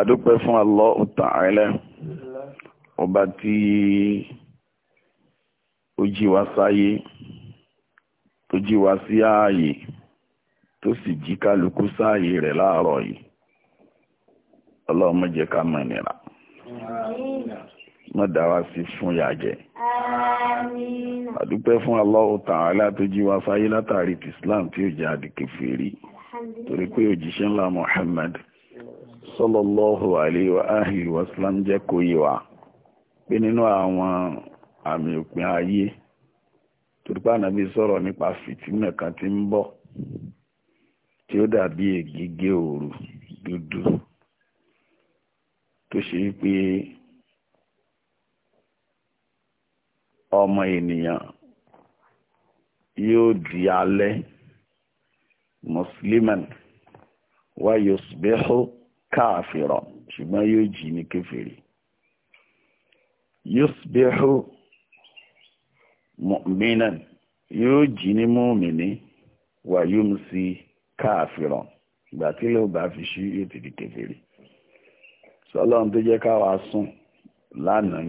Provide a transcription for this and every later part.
adúpẹ́ fún Allahu Ta'ala ọba tí ó jí wa sáyé tó jí wa sí ààyè tó sì jí kálukú sáàyè rẹ̀ láàárọ̀ yìí ọlọ́mọ jẹ́ ká mọ̀ nira mọ̀ dáwà sí fún yàjẹ́ àdúpẹ́ fún Allahu Ta'ala tó jí wa sáyé látàrí ti Islam tí ó jẹ́ àdìkẹfẹ́ rí torí pé òjíṣẹ́ ńlá Muhammad sọ́lọ́lọ́hù àlèwà áhìlì wàsílám jẹ́ kó yé wa pé nínú àwọn àmì òpin ayé torípá nàbí sọ̀rọ̀ nípa fìtínà kan tí ń bọ̀ tí ó dàbí ègígé òru dúdú tó ṣe pé ọmọ ènìyàn yóò di alẹ́ musliman wa yusbihu káàfìrọ̀ ṣùgbọ́n yóò jí ní kèfèrí yusbihu mu'minan yóò jí ní mùmìnì wà yumsi káàfìrọ̀ ìgbà tí ló bá fi ṣú yóò ti di kèfèrí sọlọ́run tó jẹ́ káwa sùn lánàá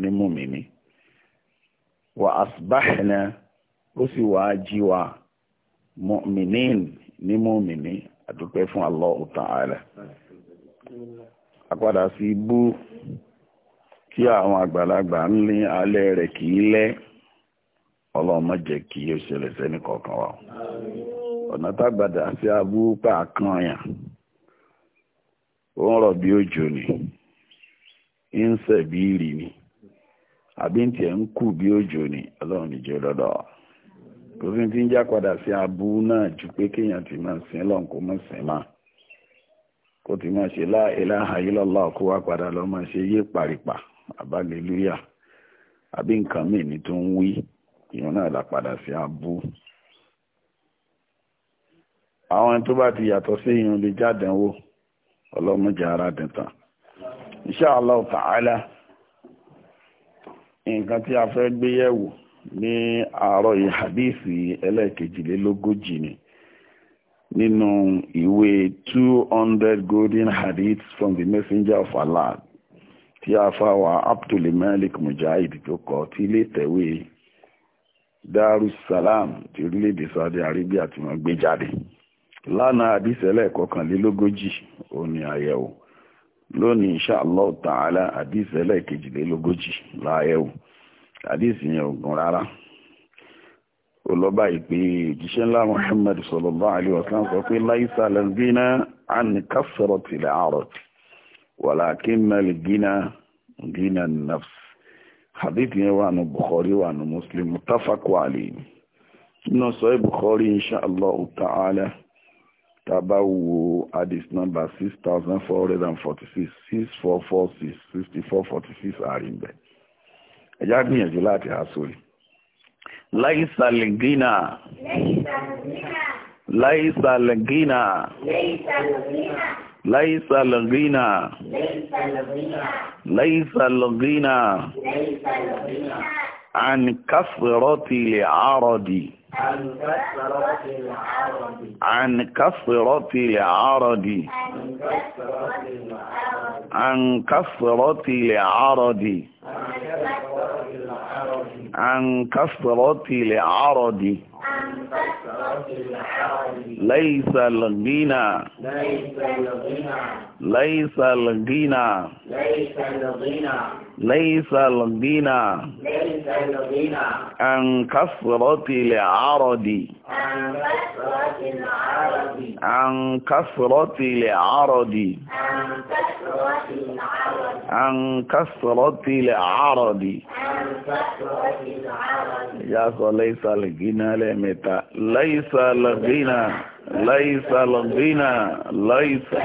ní mùmìnì wà asbáhìnà ó sì wàá jí wa mu'minin ní mùmìnì àdúpẹ́ fún Allahu Ta'ala àpadà sí ibú kí àwọn àgbàlagbà ń lé alẹ́ rẹ̀ kì í lẹ́ kí ṣẹlẹ̀ sẹ́ni kọ̀ọ̀kan wa ọ̀nà tágbàdà sí abú pàákan yàn ó ń rọ̀ bí òjò ni ń sẹ̀ bí ni àbí ń tiẹ̀ ń bí òjò ni kò ti ń já padà sí abú náà ju pé kéèyàn ti máa sin lọ́n kó sin máa kó ti máa ṣe la ilaha illallah kó wá padà lọ máa ṣe yé paripa àbálẹ́lúyà àbí nǹkan mìíní tó ń wí ìyẹn náà là padà sí abú ti yàtọ̀ sí lè a fẹ́ ní àárọ̀ yìí hadithi ẹlẹ́ẹ̀kejìlélógójì ni nínú ìwé two hundred golden hadiths from the messenger of Allah tí a fa wa Abdul Malik Mujahid tó kọ tí ilé tẹ̀wé Darussalam ti orílẹ̀-èdè Saudi Arabia tí wọ́n gbé jáde lánàá hadith ẹlẹ́ẹ̀kọkànlélógójì ó ní àyẹ̀wò lónìí insha Allah ta'ala hadith ẹlẹ́ẹ̀kejìlélógójì láyẹ̀wò. àdìsí yẹn ò gùn rárá ó lọ báyìí pé òjíṣẹ́ ńlá Muhammad sallallahu alaihi wasallam sọ pé láìsà lẹ́gbínà àni kásọ̀rọ̀ tìlẹ̀ àrọ̀ walakinna lẹ́gbínà gínà nafs hadith yẹn wà nù Bukhari wà nù Muslim mutafakù alayhi nínú sọ Bukhari inṣàlá ta'ala tàbá wo hadith number six thousand four hundred and forty six six four four six sixty four forty six àrímbẹ̀. ẹjá gbìyànjú láti àsòrí láìsàlẹ̀gínà láìsàlẹ̀gínà láìsàlẹ̀gínà láìsàlẹ̀gínà ànkásìrọ́tì lè àrọ̀dì عن كثرة العرض عن كثرة العرض عن كثرة العرض ليس الغنى ليس الغنى ليس الغنى عن كثرة العرض عن كثرة العرض عن كثرة العرض Ya sọ laisa lagina lẹ́mẹ̀ta, laisa lagina, laisa lagina, laisa,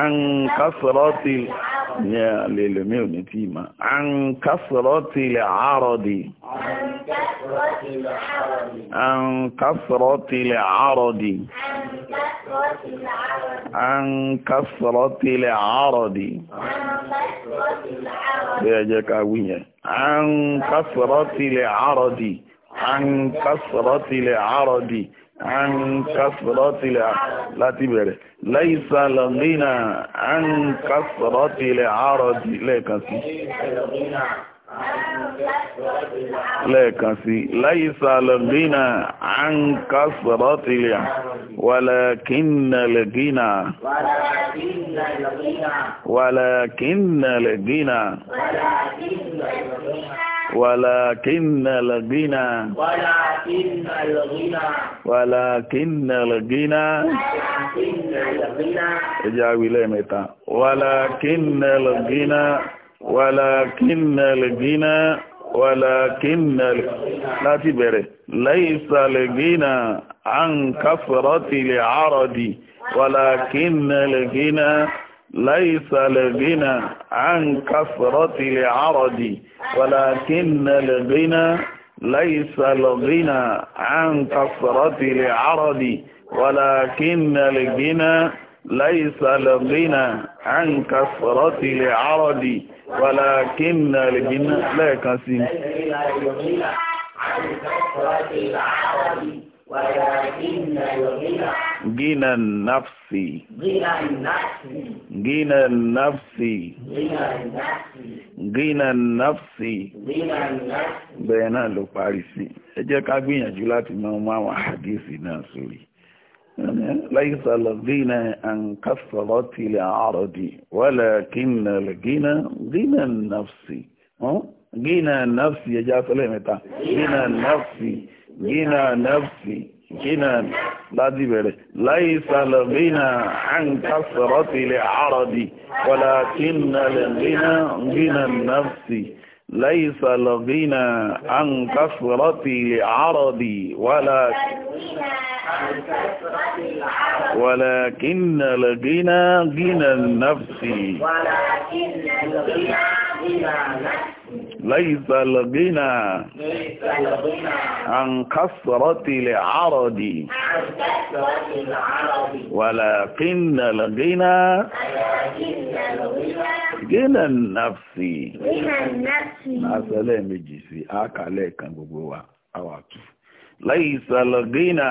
an kásọ̀rọ̀tì ní alèlèmí ò ní tí ma, an kásọ̀rọ̀tì lè àárọ̀dì, an kásọ̀rọ̀tì lè àárọ̀dì, an kásọ̀rọ̀tì lè àárọ̀dì, bẹ́ẹ̀ jẹ́ ká wíyẹn. عن كثرة العرض عن كثرة العرض عن كثرة العرض لا تبري ليس لغنى عن كثرة العرض لا كثير lẹ́ẹ̀kan sí láyé sàlọ̀gínà à ń ká sọ̀rọ̀ tìlẹ̀ wàlàkínà lẹ́gínà wàlàkínà lẹ́gínà ولكن الغنى ولكن الغنى ولكن الغنى ولكن الغنى ولكن ولكن الغنى ولكن láti bẹ̀rẹ̀ ليس الغنى عن كثرة العرض ولكن الغنى ليس الغنى عن كثرة العرض ولكن الغنى ليس الغنى عن كثرة العرض ولكن الغنى ليس الغنى عن كثرة العرض wàlá kí n nà lè bí ná lẹ́ẹ̀kan sí i. Gina nafsi. Gina nafsi. Gina nafsi. Gina nafsi. Bẹ́ẹ̀ náà ló parí sí. Ẹ jẹ́ ká gbìyànjú láti máa mú àwọn náà sórí. ليس الغنى عن كثرة العرض ولكن الغنى غنى النفس غنى النفس يا جاس متى غنى النفس غنى النفس غنى بره ليس الغنى عن كثرة العرض ولكن الغنى غنى النفس ليس الغنى عن كثرة العرض ولكن ولكن لغنى غنى النفس ليس الغنى عن كثرة العرض ولكن الغنى غنى النفس مثلا مجلسي أكاليك أبوه أواك ليس الغنى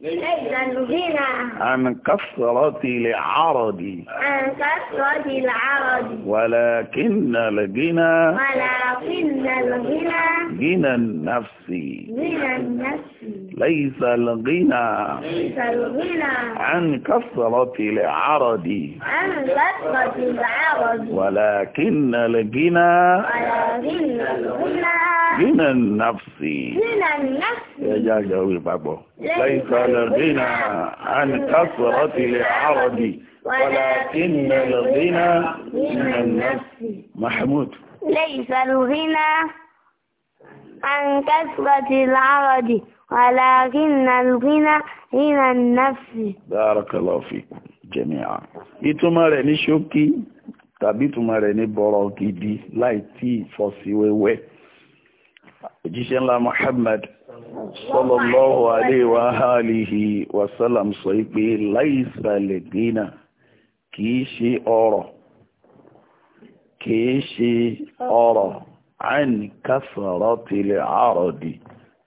ليس الغنى عن كثرة العرض عن كثرة العرض ولكن الغنى ولكن الغنى غنى النفس غنى النفس ليس الغنى ليس الغنى عن كثرة العرض عن كثرة العرض ولكن الغنى ولكن الغنى غنى النفس غنى النفس يا جاوي بابو ليس الغنى عن كثرة العرب ولكن الغنى من النفس محمود ليس الغنى عن كثرة العرب ولكن الغنى من النفس بارك الله فيكم جميعا ìtumọ̀ rẹ̀ ní ṣókí tàbí ìtumọ̀ rẹ̀ ní bọ̀rọ̀ gidi láì tí ìfọ́síwẹ́wẹ́ òjíṣẹ́ ńlá Muhammad sọlọ́lọ́hu aléwà hàlìhì wàsálàm sọ pé láìsàlẹ̀ dínà kìí ṣe ọ̀rọ̀ kìí ṣe ọ̀rọ̀ àìní kásọ̀rọ̀ tilẹ̀ àròdì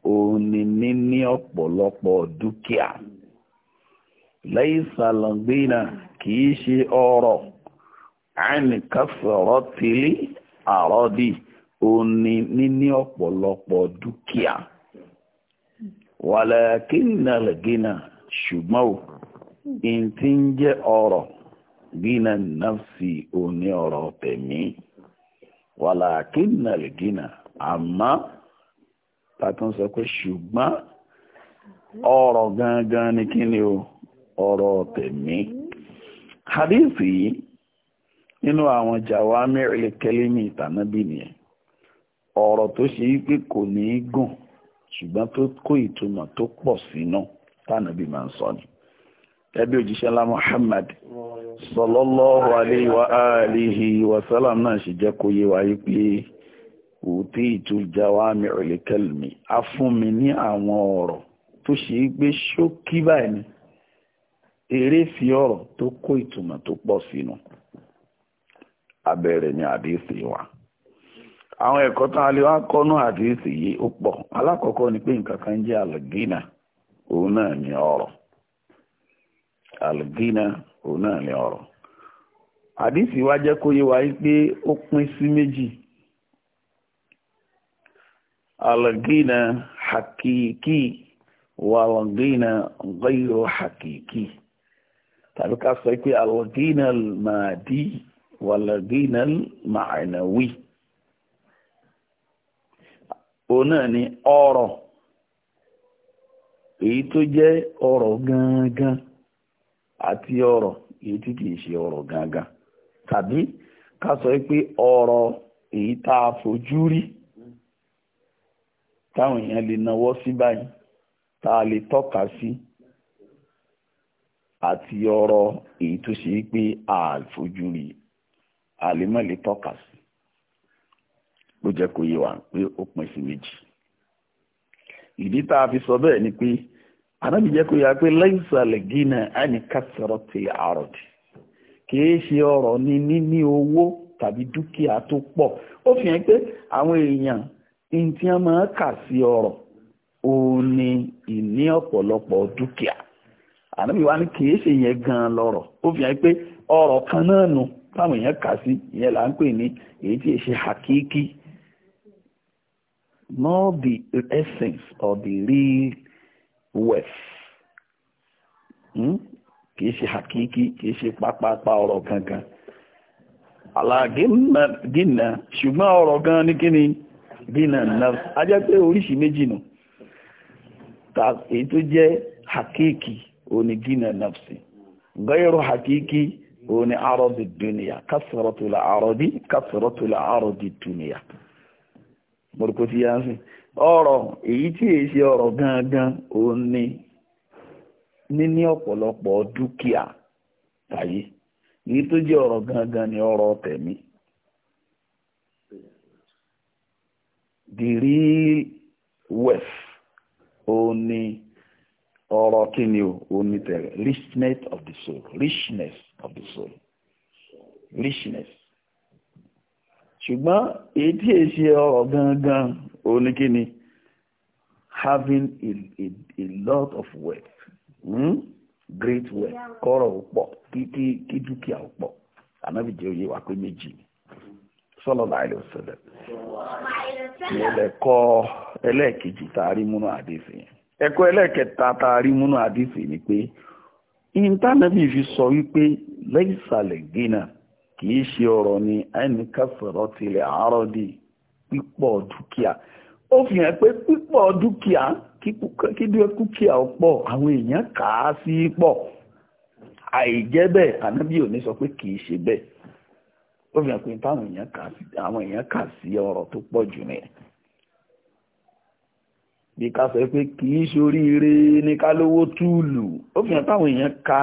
òun níní ọ̀pọ̀lọpọ̀ níní ọ̀pọ̀lọpọ̀ dúkìá. wàlàkínà gínà ṣùgbọ́n o in ti ń jẹ́ ọ̀rọ̀ gínà nafsi òní ọ̀rọ̀ tẹ̀mí wàlàkínà gínà àmọ́ tàtún sọ pé ṣùgbọ́n ọ̀rọ̀ gangan ni kí ni o ọ̀rọ̀ tẹ̀mí hadithi yìí nínú àwọn jàwámẹ́rẹ̀ kẹlẹ́mì ìtànábì nìyẹn ọ̀rọ̀ tó ṣe wípé kò ní í gùn ṣùgbọ́n tó kó ìtumọ̀ tó pọ̀ sínú tánàbí máa ń sọ ni ẹbí òjíṣẹ́ ńlá Muhammad sallallahu alayhi wa alihi wa sallam náà ṣe jẹ́ kó yé wáyé pé òtí ìtú jawami al-kalmi a fún mi ní àwọn ọ̀rọ̀ tó ṣe é gbé ṣókí báyìí eré fi ọ̀rọ̀ tó kó ìtumọ̀ tó pọ̀ sínú abẹ́rẹ́ ni àdéhùn wa. àwọn ẹ̀kọ́ tán alẹ́ wá kọ́nú àdìsí yìí ó pọ̀ alákọ̀ọ́kọ́ ni pé nǹkan kan jẹ́ àlùgínà òun náà ni ọ̀rọ̀ òun náà ọ̀rọ̀ àdìsí wa jẹ́ kó yé wa pé ó pín sí méjì hakiki wà àlùgínà ghayru hakiki tàbí ká sọ pé àlùgínà màdí wà O náà ni ọ̀rọ̀ èyí tó jẹ́ ọ̀rọ̀ gangan àti ọ̀rọ̀ èyí tí kìí ṣe ọ̀rọ̀ gangan tàbí ká sọ pé ọ̀rọ̀ èyí tá a fojú rí táwọn èèyàn lè nawọ́ sí báyìí tá a lè tọ́ka sí àti ọ̀rọ̀ èyí tó ṣe pé a fojú a lè mọ̀ lè tọ́ka sí ló jẹ́ kó yé wa pé ó pín sí méjì ìdí tá a fi sọ bẹ́ẹ̀ ni pé anábì jẹ́ kó yé wa pé lẹ́yìnsàlẹ̀ gínà ẹni kásọ̀rọ̀ ti àròdì kìí ṣe ọ̀rọ̀ ni níní owó tàbí dúkìá tó pọ̀ ó fi hàn pé àwọn èèyàn tí wọ́n máa kà sí ọ̀rọ̀ òun ni ìní ọ̀pọ̀lọpọ̀ dúkìá ànábì wa ni kìí ṣe yẹn gan-an lọ́rọ̀ ó fi hàn pé ọ̀rọ̀ kan náà nù táwọn èèyàn kà sí ìyẹn là ń pè ní èyí tí ì ṣe hakíkí not the essence or the real worth. Hmm? Kìí ṣe hakiki, kìí ṣe pápápá ọ̀rọ̀ gangan. Àlàgínà ṣùgbọ́n ọ̀rọ̀ gan ní kíni dínà náà. A jẹ́ pé oríṣìí méjì nù. Èyí tó jẹ́ hakiki òní dínà nafsi. Gairu hakiki arọ arọ́dì dúnìyà. Kásìrọ̀tùlà arọ́dì, arọ arọ́dì duniya. mọ̀rùkú ti yá sí ọ̀rọ̀ èyí tí èyí ṣe ọ̀rọ̀ gangan ni níní ọ̀pọ̀lọpọ̀ dúkìá tàyé èyí tó jẹ́ ọ̀rọ̀ gangan ni ọ̀rọ̀ tẹ̀mí the real wealth o ni ọ̀rọ̀ kí o tẹ̀rẹ̀ richness of the soul richness of the soul richness ṣùgbọ́n èyí tí è ṣe ọ̀rọ̀ gangan ó ní kí ni having a, a, a lot of wealth hmm? great wealth kọ́rọ̀ ó pọ̀ kí dúkìá ó pọ̀ ànábì jẹ́ òye wà pé méjì sallallahu alaihi wasallam ẹlẹ́kọ́ ẹlẹ́ẹ̀kejì tààrí múnú àdéfì ẹ̀kọ́ ẹlẹ́ẹ̀kẹta tààrí múnú àdéfì ni pé ìntánẹ́bì fi sọ wípé lẹ́yìn ìsàlẹ̀ gínà kìí ṣe ọ̀rọ̀ ni ẹni kẹsọ̀rọ̀ tilẹ̀ àárọ̀ di pípọ̀ dúkìá ó fi hàn pé pípọ̀ dúkìá kí dúkìá ó pọ̀ àwọn èèyàn kà á sí pọ̀ àìjẹ́ bẹ́ẹ̀ ànábì ò ní sọ pé kìí ṣe bẹ́ẹ̀ ó fi hàn pé táwọn èèyàn kà sí ọ̀rọ̀ tó pọ̀ jù nìyẹn bí ká sọ pé kìí ṣoríire ní ká lówó túùlù ó fi hàn táwọn èèyàn ka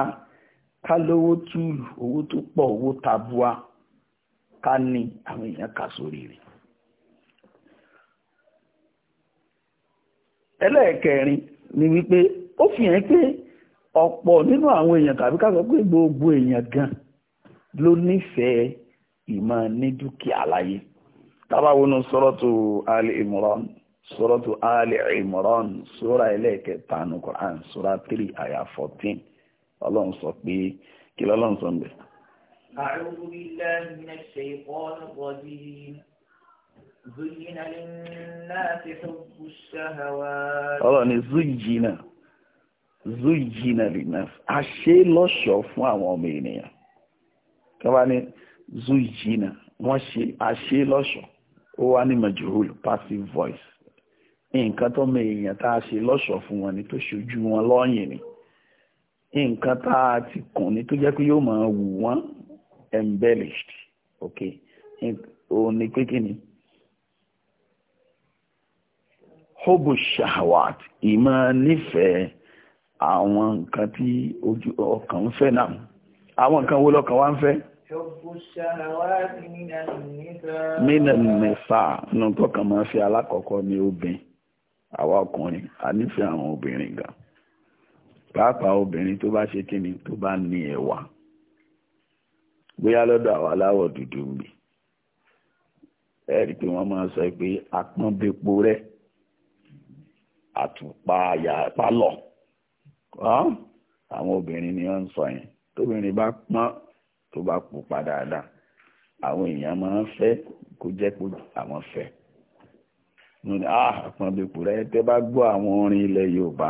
ká lówó túùlù owó tó pọ̀ owó tabua ká ní àwọn èèyàn kà sórí rẹ̀. ẹlẹ́ẹ̀kẹrin ni wípé ó fi hàn pé ọ̀pọ̀ nínú àwọn èèyàn tàbí ká sọ pé gbogbo èèyàn gan ló nífẹ̀ẹ́ ìmọ̀ ní dúkìá láyé tábàwọnú sọ́rọ́tù Ali Imran sọ́rọ́tù sora Imran sura ẹlẹ́ẹ̀kẹta nù Quran sura ọlọ́run sọ pé kí lọ́lọ́run sọ ń bẹ̀. أعوذ بالله من الشيطان الرجيم زين للناس حب الشهوات ọlọ́run ni zuyina zuyina linnas a ṣe lọ́ṣọ̀ọ́ fún àwọn ọmọ ènìyàn kọ́ba ni zuyina wọ́n ṣe a ṣe lọ́ṣọ̀ọ́ ó wá ní majhul passive voice nǹkan tó mọ èèyàn tá a ṣe lọ́ṣọ̀ọ́ fún wọn ni tó ṣojú wọn lọ́yìn ni nǹkan tá a ti kùn ní tó jẹ́ pé yóò máa wù wọ́n embellished ok òun ni pé kí ni hobo shahwat ìmọ̀ nífẹ̀ẹ́ àwọn nǹkan tí ojú ọkàn ń fẹ́ náà àwọn nǹkan wo lọ́kàn wá ń fẹ́. Mínà nìfà nù tọkàn máa fi alákọ̀ọ́kọ́ ní obìnrin, àwa ọkùnrin, a nífẹ̀ẹ́ àwọn obìnrin gan pàápàá obìnrin tó bá ṣe kíni tó bá ní ẹwà bóyá lọ́dọ̀ àwọn aláwọ̀ dúdú ń bì ẹ̀rí pé wọ́n máa sọ pé apọ́nbepo rẹ̀ àtùpà àyà pálọ̀ àwọn obìnrin ni wọ́n ń sọ yẹn tóbìnrin bá pọ́n tó bá pupa dáadáa àwọn èèyàn máa ń fẹ́ kó jẹ́ pé àwọn fẹ́ àpọ́nbepo ah, rẹ̀ tẹ́ bá gbọ́ àwọn orin ilẹ̀ Yorùbá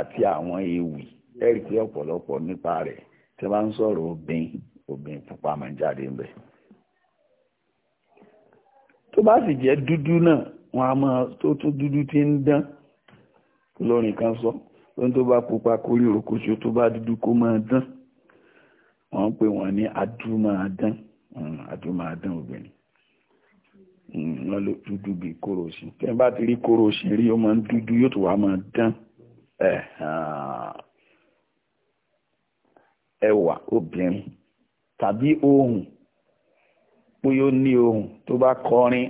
àti àwọn ewì ẹ̀rí pé ọ̀pọ̀lọpọ̀ nípa rẹ̀ tí wọ́n ń sọ̀rọ̀ obìnrin obìnrin pupa máa ń jáde ńbẹ̀. tó bá sì jẹ́ dúdú náà wọ́n á máa tó tún dúdú tí ń dán lórin kan sọ lóun tó bá pupa kórí òkòṣó tó bá dúdú kó máa dán wọ́n ń pè wọ́n ní adúmáadán hmm, adúmáadán obìnrin hmm, wọ́n ló dúdú bíi kóró ṣì tẹ́ bá ti rí kóró ṣì rí ó máa ń dúdú yóò tó wá máa dán ẹwà obìnrin tàbí ohùn bóyá ó ní ohùn tó bá kọrin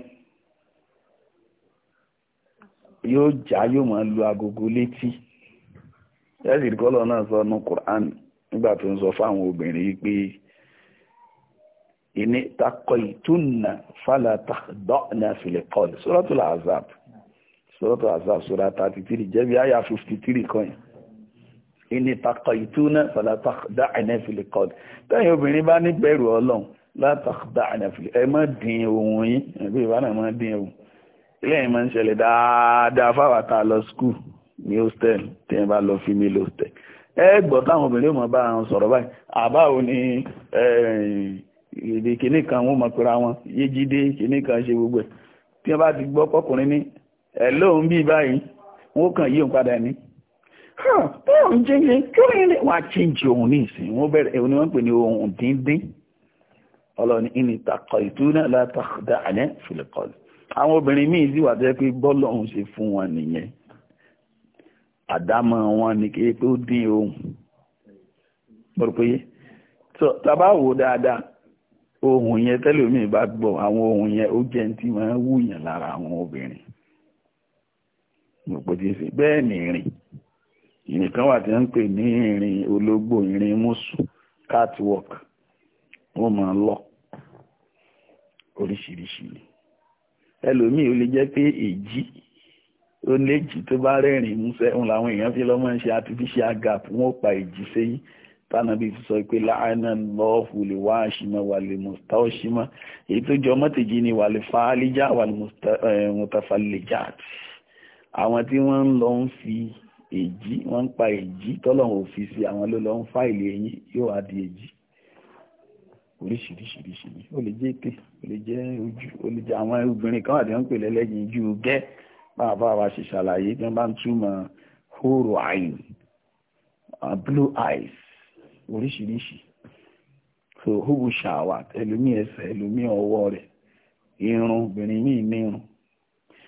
yóò já yóò máa lu agogo létí sọ ní Qur'an nígbà tó ń sọ fáwọn obìnrin pé ìní ìtúnà fálátà sọ́tọ̀ àzá sọ́ra thirty three jẹ́bi àyà fifty three kan yìí ìní takọ̀ ìtúná fàlàtàkùdá àìnẹ́fìlì kọ́d tẹ́yìn obìnrin bá ní bẹ̀rù ọlọ́run látàkùdá àìnẹ́fìlì ẹ má dín ohun yín ẹ̀bí ìbáná má dín ohun ilé yìí máa ń ṣẹlẹ̀ dáadáa fáwọn àtà lọ skul ní hostel tí wọ́n bá lọ fi mí ẹ̀ lóun bí báyìí wọ́n kàn yíò padà ní bọ́ọ̀n jíjìn kí wọ́n yẹn lè wá chíǹjì ohun ní ìsìn wọ́n bẹ̀rẹ̀ ẹ̀wọ̀n ni wọ́n pè ní ohun díndín ọlọ́ni ìní takọ̀ ìtúná látàkùdá àlẹ́ fìlẹ̀kọ́lù àwọn obìnrin míì sì wà tẹ́ pé bọ́ọ̀lù ọ̀hún ṣe fún wọn nìyẹn àdámọ̀ wọn ni kí pé ó dín ohun mọ̀rọ̀ tàbá wò dáadáa ohun yẹn tẹ́lẹ̀ omi ìbá gbọ́ àwọn ohun yẹn ó jẹ́ ní tí wọ́n wúyàn lára àwọn obìnrin ìpòjìsì bẹ́ẹ̀ ni ìrìn ìrìn kan wà tí wọ́n ń pè ní ìrìn ológbò ìrìn mùsù catwalk wọ́n máa ń lọ oríṣiríṣi ẹlòmíì ó lè jẹ́ pé èjì ó léjì tó bá rẹ́rìn músẹ́ ń làwọn èèyàn fi lọ́mọ ṣe artificial gap wọ́n pa èjì sẹ́yìn tánàbí ti sọ pé láàánà lọ́ọ̀fù lè wá àṣìmọ́ wà lè mọ̀tá ọ̀ṣìmọ́ èyí tó jọ mọ́tẹ̀jì ni wà lè fa alíjà wà lè mọ̀tàfà lè jà àti àwọn tí wọ́n ń lọ ń fi èjì wọ́n ń pa èjì tọ́lọ́run ò fi sí àwọn ló lọ ń fáìlì eyín yóò wá di èjì oríṣiríṣiríṣi ni ó lè jẹ́ ètè ó lè jẹ́ ojú ó lè jẹ́ àwọn obìnrin kan àti wọ́n ń pè ojú gẹ́ báwa bá ṣe ṣàlàyé tí wọ́n bá ń túmọ̀ hóró àyìn uh, blue eyes oríṣiríṣi so húbu ṣàwà ẹlòmí ẹsẹ̀ ẹlòmí ọwọ́ rẹ̀ irun obìnrin míì ní irun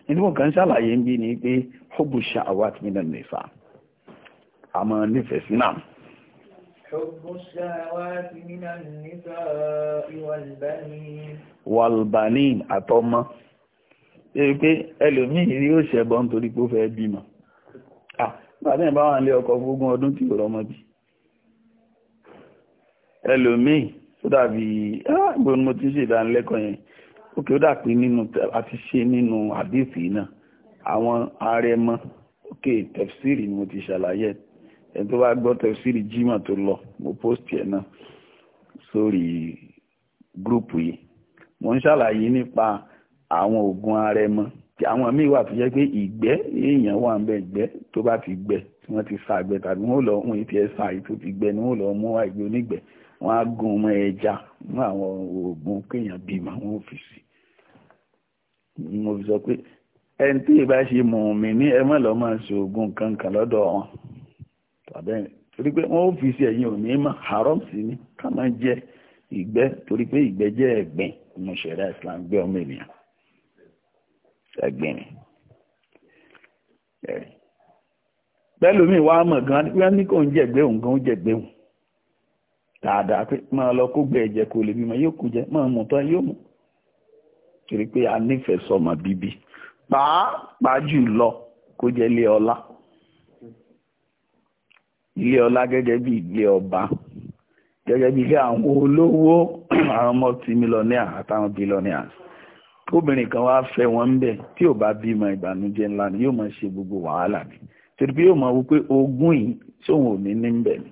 nígbà kan ṣàlàyé ń bí ni pé hubu sha'awat minan nisa àmọ́ nífẹ̀ẹ́ sí náà. حب الشهوات من النساء والبنين والبنين àtọmọ pé ẹlòmíì rí ó ṣẹbọ nítorí pé ó fẹ́ bímọ ah bàbá ẹ̀ bá wà nílé ọkọ fógún ọdún tí kò rọmọ bí ẹlòmíì tó dàbí ah ìbọn mo ti ṣe ìdánilẹ́kọ̀ọ́ yẹn òkè ó dàpé nínú àti ṣe nínú àdéhùn náà àwọn àrẹ̀mọ òkè tẹfsiri ni mo ti ṣàlàyé ẹni tó bá gbọ́ tẹfsiri jimá tó lọ mo post ẹ̀ náà sórí gúrùpù yìí mo ń ṣàlàyé nípa àwọn oògùn àrẹ̀mọ àwọn míì wà tó jẹ́ pé ìgbẹ́ èèyàn wà ń bẹ ìgbẹ́ tó bá ti gbẹ tí wọ́n ti sa àgbẹ̀ tàbí wọ́n lọ wọn ètò ẹ̀sà àyè tó ti gbẹ ni wọ́n lọ mú àìgbẹ́ onígbẹ́ wọ́n á gun ọmọ ẹja mú àwọn oògùn kéèyàn bímọ wọn ò fi sí mo fi sọ pé ẹni tí ìbá ṣe mùmí ní ẹ mọ̀ lọ́ máa ṣoògùn kankan lọ́dọ̀ wọn tàbí torí pé wọ́n fi sí ẹ̀yìn òní mọ̀ haram sí ni ká máa jẹ ìgbẹ́ torí pé ìgbẹ́ jẹ́ ẹ̀gbìn mo ṣẹ̀dá Islam gbé ọmọ ènìyàn ẹ̀gbìn ni wa mọ̀ gan wọ́n ní kò ń òun gan òun dáadáa pé máa lọ kó jẹ torí pé a nífẹ̀ẹ́ sọmọ bíbí pàápàá jù lọ kó jẹ́ ilé ọlá ilé ọlá gẹ́gẹ́ bí ilé ọba gẹ́gẹ́ bí ilé àwọn olówó àwọn multimillionaire àtàwọn billionaires kóbìnrin kan wá fẹ́ wọn bẹ̀ tí ò bá bímọ ìbànújẹ́ ńlá ni yóò máa ṣe gbogbo wàhálà ni torí pé yóò máa wò pé ogún yìí sóhun ò ní ní ń bẹ̀ ni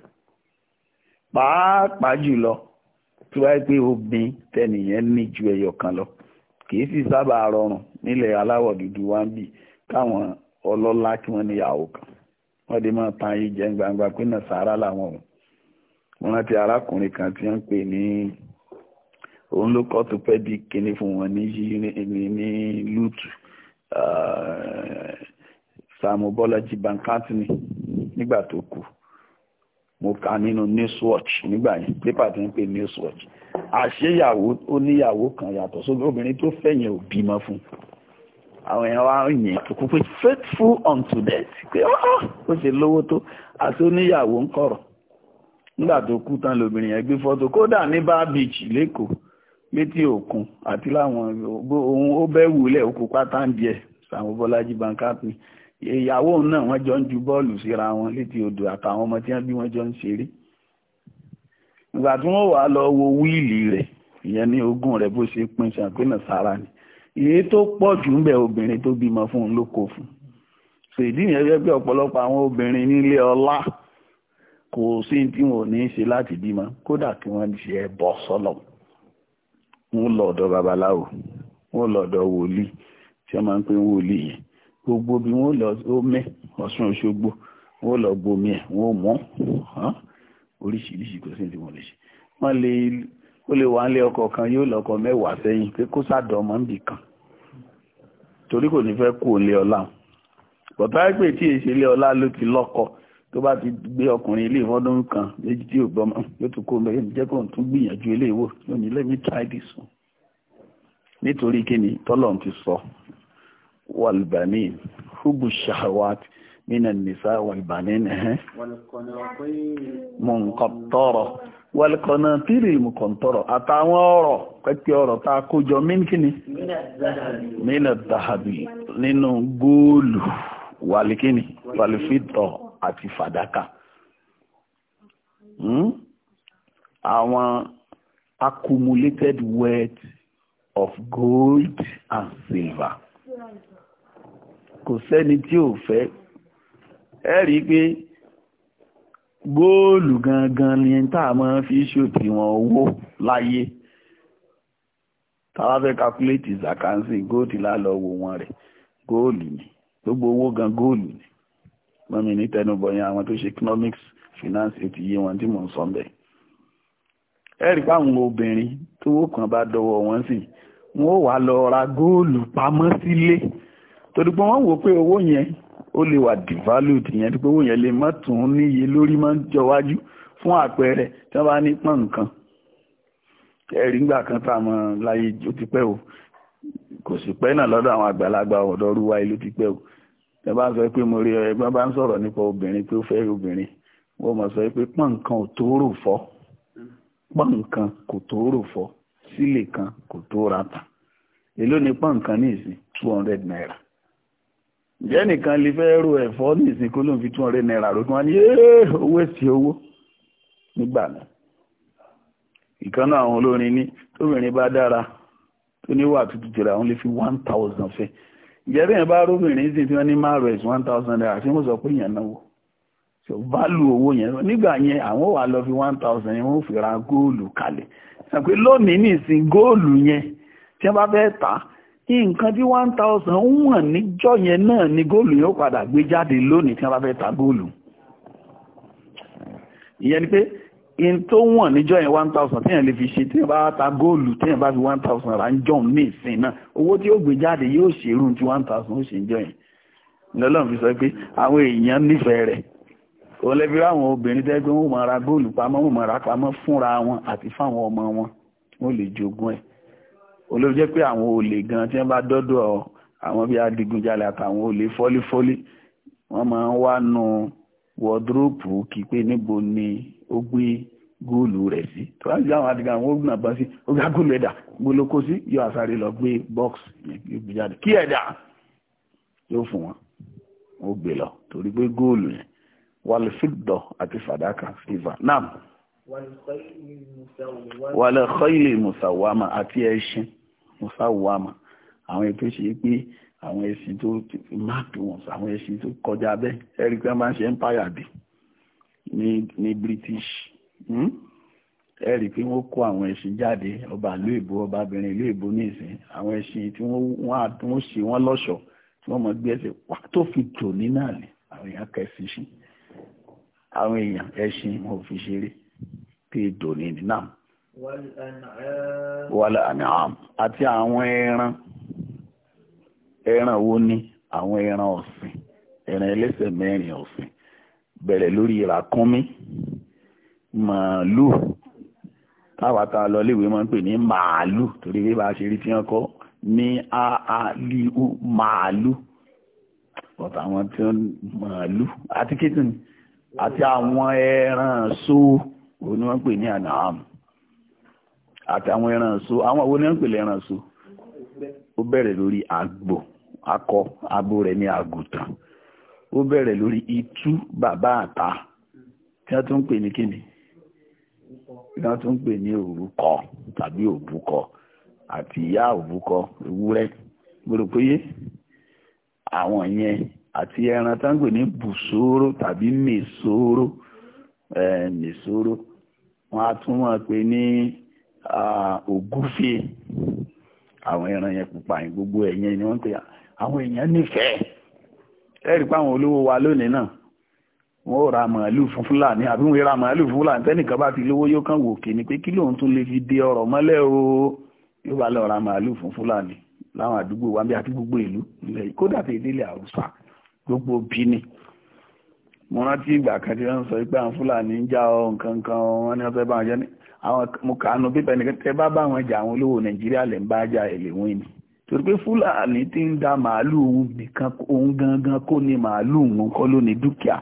pàápàá jùlọ tí wáyé pé obìnrin tẹnìyẹn ní ju ẹyọ kan lọ kìí sì sábà rọrùn nílẹ̀ aláwọ̀ dúdú wa ń bì káwọn ọlọ́lá kí wọ́n níyàwó kan wọ́n dé máa tan ayé jẹ́ gbangba pé náà sàárà làwọn ò wọ́n rántí arákùnrin kan tí wọ́n ń pè ní òun ló kọ́ tó pẹ́ di kíní fún wọn ní lútù Sàámú Bọ́lájí Bankátìní nígbà tó kù mo kà nínú newswatch nígbà yẹn pépà tí wọ́n ń pè newswatch àṣeyàwó ó níyàwó kan yàtọ̀ sóbìnrin tó fẹ̀yìn ò bímọ fún àwọn èèyàn wa ń yìn kókó pé faithful unto death pé ah, ah, ó ṣe lówó tó àti oníyàwó ń kọ̀rọ̀ nígbà tó kú tán lóbìnrin yẹn gbé fọ́tò kódà ní bar beach lẹ́kọ̀ọ́ létí òkun àti láwọn ohun ó bẹ́ wùlẹ̀ òkú pátá ń díẹ̀ sàwọn bọ́lájí bankápì ìyàwó náà wọ́n jọ ń ju bọ́ọ̀lù síra wọn létí odò àtàwọn ọmọ tí wọ́n bí wọ́n jọ ń ṣeré ìgbà tí wọ́n wà lọ wo wíìlì rẹ̀ ìyẹn ní ogún rẹ̀ bó ṣe pín ṣàpínà sára ni èyí tó pọ̀ jù ń bẹ obìnrin tó bímọ fún un ló kó fún ṣèdí yẹn jẹ́ pé ọ̀pọ̀lọpọ̀ àwọn obìnrin nílé ọlá kò sí tí wọn ò ní í ṣe láti bímọ kódà kí wọ́n ṣe ẹbọ sọlọ wọn lọ ọ̀dọ̀ babaláwo wọn lọ ọ̀dọ̀ wòlíì tí wọ́n máa ń pè wòlíì yẹn gbogbo bí wọ́n lọ ó mẹ Ọ̀ṣun Òṣogbo wọ́n lọ gbomi ẹ̀ wọ́n mọ̀ ọ́n oríṣiríṣi kò sí ní wọn lè ṣe wọn lè ó lè wà ń lé ọkọ kan yóò lọkọ mẹ́wàá sẹ́yìn pé kó sàdọ ọmọ níbì kan torí kò ní fẹ́ kú òun lé ọlá bọtá pé tí èsì lé ọlá ló ti lọ́kọ tó bá ti gbé ọkùnrin ilé ìfọdún kan méjì tí ò gbọmọ yóò tún kó mẹyìn jẹ kó n tún gbìyànjú ilé ìwò lónìí let me try this one nítorí kíni tọ́lọ̀ ti sọ wàlùbàmí húbù ṣàwàtì من النساء والبنين منقطرة والقناطير المقنطرة àtàwọn ọ̀rọ̀ pẹ́pẹ́ ọ̀rọ̀ tá a من الذهب nínú góòlù wàlíkíní أتفادك àti fàdákà accumulated wealth of gold and silver kò sẹ́ni tí ò fẹ́ ẹ rí i pé góòlù gangan ni tá a máa fi ṣòtì wọn owó láyé tàbá fẹ́ calculate zakansi góòlù lálọ́wọ́ wọn rẹ̀ góòlù ni gbogbo owó gan góòlù ni mọ́mí ní tẹnubọ̀yìn àwọn tó ṣe economics finance ètò iye wọn tí mò ń sọ bẹ́ẹ̀ ẹ̀rí páwọn obìnrin tó wó kan bá dọwọ́ wọn sí wọn ó wà lọ ra góòlù pamọ́ sílé torí pé wọ́n wò pé owó yẹn ó lè wà devalued ìyẹn tó pé owó yẹn lè má tún níye lórí máa ń jọ wájú fún àpẹẹrẹ tí wọ́n bá ní pọ́n nǹkan ẹ̀rí ńgbà kan tá a mọ̀ láyé ó ti pẹ́ o kò sì pẹ́ náà lọ́dọ̀ àwọn àgbàlagbà ọ̀dọ́ rúwa ìlú ti pẹ́ o ẹ bá sọ pé mo rí ẹgbẹ́ bá ń sọ̀rọ̀ nípa obìnrin pé ó fẹ́ obìnrin wọ́n mọ̀ sọ pé pọ́n nǹkan ò tó rò fọ́ pọ́n nǹkan kò tó rò fọ́ sílè kan kò tó ra tà èló ni pọ́n nǹkan ní ìsìn two hundred naira ǹjẹ́ nìkan lè fẹ́ ro ẹ̀fọ́ ní ìsìnkú ló ń fi tún ọ̀rẹ́ náírà rókun wá ní owó èsì owó nígbà náà ìkan náà àwọn olórin ní tóbìnrin bá dára tó níwà tútù tèrè àwọn lè fi one thousand fẹ́ ǹjẹ́ bẹ́ẹ̀ bá róbìnrin sì tí wọ́n ní márùn ẹ̀sùn one thousand naira tí wọ́n sọ pé èèyàn náwó so value owó yẹn nígbà yẹn àwọn wà lọ fi one thousand yẹn wọ́n fi ra góòlù kalẹ̀ ṣàpè lónìí nìsín góòlù yẹn tí wọ́n bá fẹ́ tà nǹkan bí one thousand ń wọ̀n níjọ́ yẹn náà ni góòlù yóò padà gbé jáde lónìí tí wọ́n bá fẹ́ ta góòlù ìyẹn ni pé in tó wọ̀n níjọ́ yẹn one thousand téèyàn lè fi ṣe téèyàn bá ta góòlù téèyàn bá fi one thousand rà ń jọ̀ ní ìsìn náà owó tí ó gbé jáde yóò ṣerú tí one thousand ó ṣe ń jọ yẹn lọ́lọ́run fi sọ pé àwọn èèyàn nífẹ̀ẹ́ rẹ̀ òun lẹ́bi ráwọn obìnrin tẹ́gbẹ́ wọn mọ̀ ra góòlù pamọ́ wọn mọ̀ olóbi jẹ́ pé àwọn olè gan tí wọ́n bá dọ́dọ̀ àwọn bíi adigunjalè àtàwọn olè fọ́lífọ́lí wọ́n máa ń wá nu wọ́dúrópù kí pé níbo ni ó gbé góòlù rẹ̀ sí tó bá ń jẹ́ àwọn adigun àwọn ogun àbá sí ó gbá góòlù ẹ̀dà gboloko sí yóò àsáré lọ gbé bọ́ọ̀sì yóò gbé jáde kí ẹ̀dà yóò fún wọn ó gbé lọ torí pé góòlù yẹn wàlúfíìdọ̀ àti fàdákà fìvà náà wàlẹ̀ xọ́ìlì musawama àti ẹṣin musawama àwọn ètò ṣe pé àwọn ẹṣin tó máàkì wọn àwọn ẹṣin tó kọjá bẹ́ẹ̀ ẹ̀rí pé wọ́n máa ń ṣe empire dé ní British hmm? ẹ̀rí pé wọ́n kó àwọn ẹṣin jáde ọba ìlú èbó ọbabìnrin ìlú èbó ní ìsìn àwọn ẹṣin tí wọ́n ṣe wọ́n lọ́ṣọ̀ọ́ tí wọ́n mọ gbé ẹsẹ̀ wá tó fi tò ní náà ni àwọn èèyàn kẹsì sí àwọn èèyàn ẹṣin wọn ò fi ṣeré tí dòní nínàm wàlẹ̀ àníàm àti àwọn ẹran ẹran wo ni àwọn ẹran ọ̀sìn ẹran ẹlẹ́sẹ̀ mẹ́rin ọ̀sìn bẹ̀rẹ̀ lórí ìràkúnmí màálù táwàtà lọléwé máa ń pè ní màálù torí bí bá ṣe rí tí wọ́n kọ́ ní aaliu màálù ọ̀tà àwọn tí wọ́n màálù àti kìtìnì àti àwọn ẹran sóò. So, òun ni wọ́n pè ní ànàám àtàwọn ẹranṣó àwọn ni wọ́n ó bẹ̀rẹ̀ lórí akọ abo rẹ̀ ní àgùntàn ó bẹ̀rẹ̀ lórí itú bàbá àta tí wọ́n tún pè ní kíni tí wọ́n tún pè ní òrúkọ tàbí òbúkọ àti ìyá òbúkọ ewúrẹ́ gbọ́dọ̀ péye àwọn yẹn àti ẹran táǹgbè ní bùsóró tàbí wọ́n á tún mọ̀ pé ní ògúfe àwọn ẹran yẹn pupa yìí gbogbo ẹ̀yẹn ni wọ́n ń pè àwọn èèyàn nífẹ̀ẹ́ ẹ̀rí pé àwọn olówó wa lónìí náà wọ́n ò ra màálù fún fúlàní àbí wọ́n ra màálù fún fúlàní tẹ́nìkan bá ti lówó yóò kàn wò kí ni pé kí lóun tún lè fi de ọ̀rọ̀ mọ́lẹ̀ o yóò bá lọ ra màálù fún fúlàní láwọn àdúgbò wa bí àti gbogbo ìlú kódà tètè ilẹ̀ haúsá gbogbo bí ni mo rántí ìgbà kan tí wọ́n sọ pé àwọn fúlàní ń já ọ nǹkan kan wọ́n ní wọ́n fẹ́ bá wọn jẹ́ ní àwọn mo kàánú pípẹ nìkan tẹ́ bá bá jà àwọn olówó nàìjíríà lè ń bá jà èlé wọn ni torí pé fúlàní ti ń da màálù òun nìkan òun gangan kó ní màálù òun kọ́ ló ní dúkìá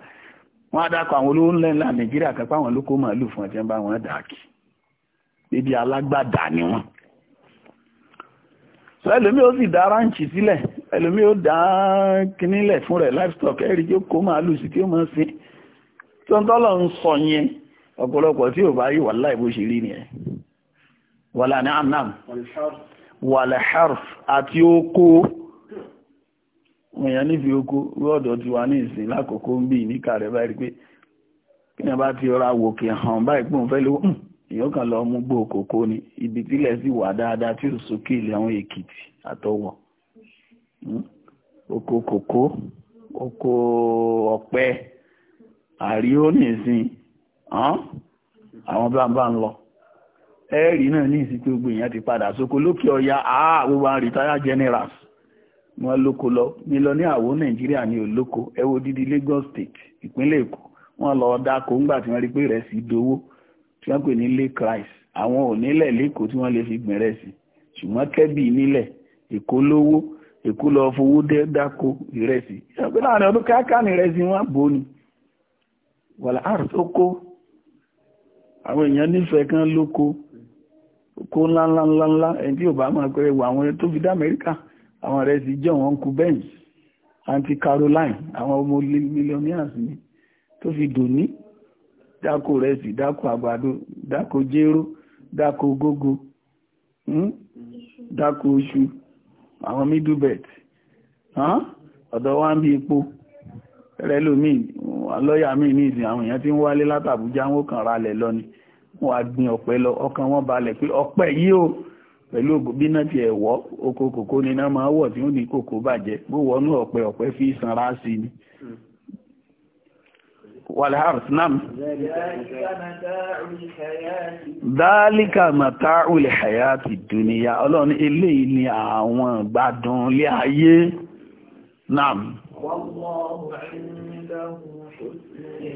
wọ́n á dákọ̀ àwọn olówó ńlẹ̀ ńlá nàìjíríà kan pé àwọn ló kó màálù fún ọjọ́ bá wọn dà kí bíbí alágbàdà ni wọ́n so ẹlòmí ó sì dá ráǹchì sílẹ̀ ẹlòmí ó dá kínílẹ̀ fún rẹ̀ livestock ẹ̀rí tí ó kó màálù sí tí ó máa sí tó ń tọ́lọ̀ ń sọ yẹn ọ̀pọ̀lọpọ̀ tí ò bá yí wà láì bó ṣe rí nìyẹn wàlà ní anam wàlà harf àti oko èèyàn nífi oko rọ́ọ̀dọ̀ ti wà ní ìsìn lákòókò ń bì ní kàrẹ́ báyìí pé kí ni a bá ti rọra wòkè hàn báyìí pé òun fẹ́ lówó hmm, èèyàn kan lọ mú gbò kókó ni ibi tílẹ̀ sì wà dáadáa tí ò sókè ilẹ̀ àwọn èkìtì àtọwọ̀ hmm? oko kòkó oko ọ̀pẹ àríó nìsín àwọn bá ń bá ń lọ ẹ̀ẹ́rì náà ní ìsìn tí gbogbo èèyàn ti padà sóko lókè ọya àá gbogbo àwọn rìtáyà generals wọ́n lóko lọ ní lọ ní àwo nàìjíríà ní olóko ẹ dídí Lagos State ìpínlẹ̀ Èkó wọ́n lọ dáko ńgbà tí wọ́n rí pé rẹ̀ sì dowó tí wọ́n pè ní lake rice àwọn ò nílẹ̀ lẹ́kọ̀ọ́ tí wọ́n lè fi gbìn rẹ̀ sí ṣùgbọ́n kẹ́bì nílẹ̀ èkó lówó èkó lọ fowó dé dáko ìrẹsì ìṣàpẹ́ láàrin ọdún káàkà ní ìrẹsì wọn bò ní wàlá àrùn oko àwọn èèyàn nífẹ̀ẹ́ kan lóko oko ńláńláńláńlá ẹni tí ò máa pẹ́ wọ àwọn tó fi dá amẹ́ríkà àwọn ìrẹsì jẹ́ wọn kú bẹ́ẹ̀ anti caroline àwọn ọmọ mílíọ̀nìyàn ni tó fi dùn ní dako rẹsì dako àgbàdo dako jéró dako gógó hmm? dako osu àwọn middle belt ọ̀dọ̀ wa ń bí epo lọ́yà míì ní ìsìn àwọn èèyàn tí ń wálé látàbújá wọn lọ ni wọn lọ ọkàn wọn balẹ̀ pé ọ̀pẹ yìí o pẹ̀lú ti oko kòkó ni máa wọ̀ tí ó ní kòkó bàjẹ́ bó wọnú ọ̀pẹ ọ̀pẹ fi sanra sí والحرث نعم ذلك متاع الحياة الدنيا ọlọ́run eléyìí ni àwọn gbádùn ilé ayé náà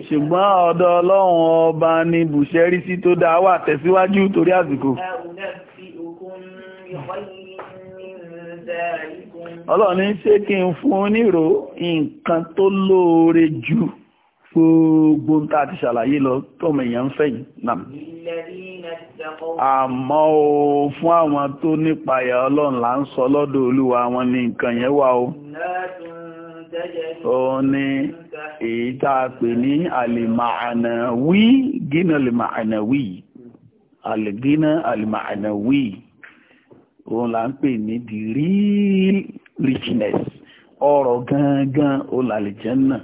ṣùgbọ́n ọ̀dọ̀ ọlọ́run ọba ni bùṣẹ́rí sí tó dá wà tẹ̀síwájú torí àsìkò ọlọ́run ṣé kí n fún onírò nǹkan tó lóore jù gbogbo ń tàà ti ṣàlàyé lọ tọ́mọ èèyàn ń fẹ̀yìn náà àmọ́ o fún àwọn tó nípayà ọlọ́run là ń sọ lọ́dọ̀ olúwa wọn ní nǹkan yẹn wà o ó ní èyí tá a pè ní àlìmàànàwí gínà àlìmàànàwí àlìgínà àlìmàànàwí òun là ń pè ní the real richness ọrọ̀ gangan ó làlìjẹ́ náà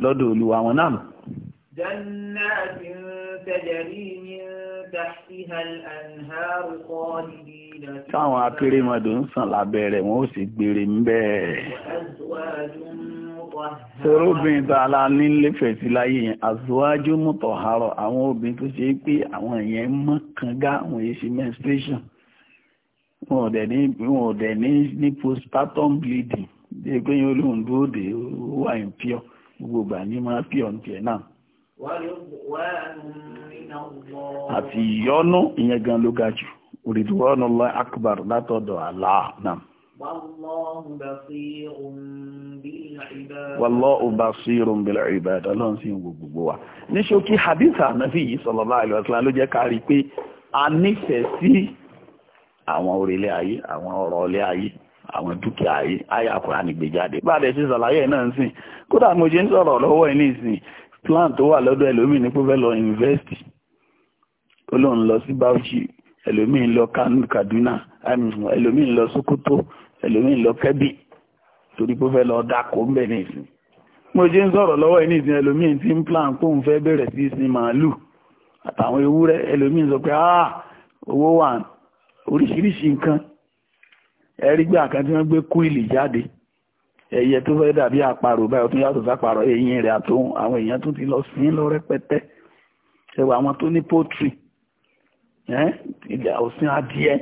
lọ́dọ̀ olúwa wọn náà. jannati tajri min tahtiha al-anhar khalidina. táwọn akérèmọdò ń sàn lábẹ́ rẹ̀ wọ́n ó sì gbére ń bẹ́ẹ̀. sọ̀rọ̀ obìnrin tá a la ní lẹ́fẹ̀ẹ́ sí láyé yẹn azwaju mutahhara àwọn obìnrin tó ṣe pé àwọn yẹn mọ́ kanga ṣe menstruation wọn ò dẹ̀ ní wọn ò dẹ̀ ní postpartum bleeding bí ẹgbẹ́ yẹn olóhùn dúró dé ó wà impure gbogbo ìgbà ní máa pí ọ̀n tiẹ̀ náà. àti ìyọ́nú ìyẹn gan ló ga jù òrìdúwọ́nù lọ akbar látọ̀dọ̀ Allah náà. Wallahu basirun bil ibad ọlọ́run sí wo gbogbo wa. Ní ṣókí Haditha Nàfi yìí sallallahu alaihi wasallam ló jẹ́ kárí pé a nífẹ̀ẹ́ sí àwọn orílẹ̀ ayé, àwọn ọ̀rọ̀ ilé ayé àwọn dúkìá yìí àyà Kùránì gbé jáde bá a dẹ̀ ṣe ṣàlàyé ẹ̀ náà ń sìn kódà mo ṣe ń sọ̀rọ̀ lọ́wọ́ ẹ̀ nísìn plan tó wà lọ́dọ̀ ẹlòmíì ní pé fẹ́ lọ invest ó lọ sí Bauchi ẹlòmíì lọ Kaduna ẹlòmíì lọ Sokoto ẹlòmíì lọ Kẹ́bì torí pé fẹ́ lọ dáko ńbẹ̀ nísìn mo ṣe ń sọ̀rọ̀ lọ́wọ́ ẹ̀ nísìn ẹlòmíì ti ń plan kóun fẹ́ bẹ̀rẹ̀ sí sin màálù àtàwọn ewúrẹ́ ẹlòmíì sọ pé ah owó wà oríṣiríṣi nǹkan ẹ̀rí gbà kan tí wọ́n gbé kúìlì jáde ẹyẹ tó fẹ́ dàbí àparò báyìí ọtún yàtọ̀ sáparọ̀ eyín rẹ̀ àtòun àwọn èèyàn tún ti lọ sí lọ rẹpẹtẹ ẹwà àwọn tó ní pọ́tìrì ìjà òsín adìẹ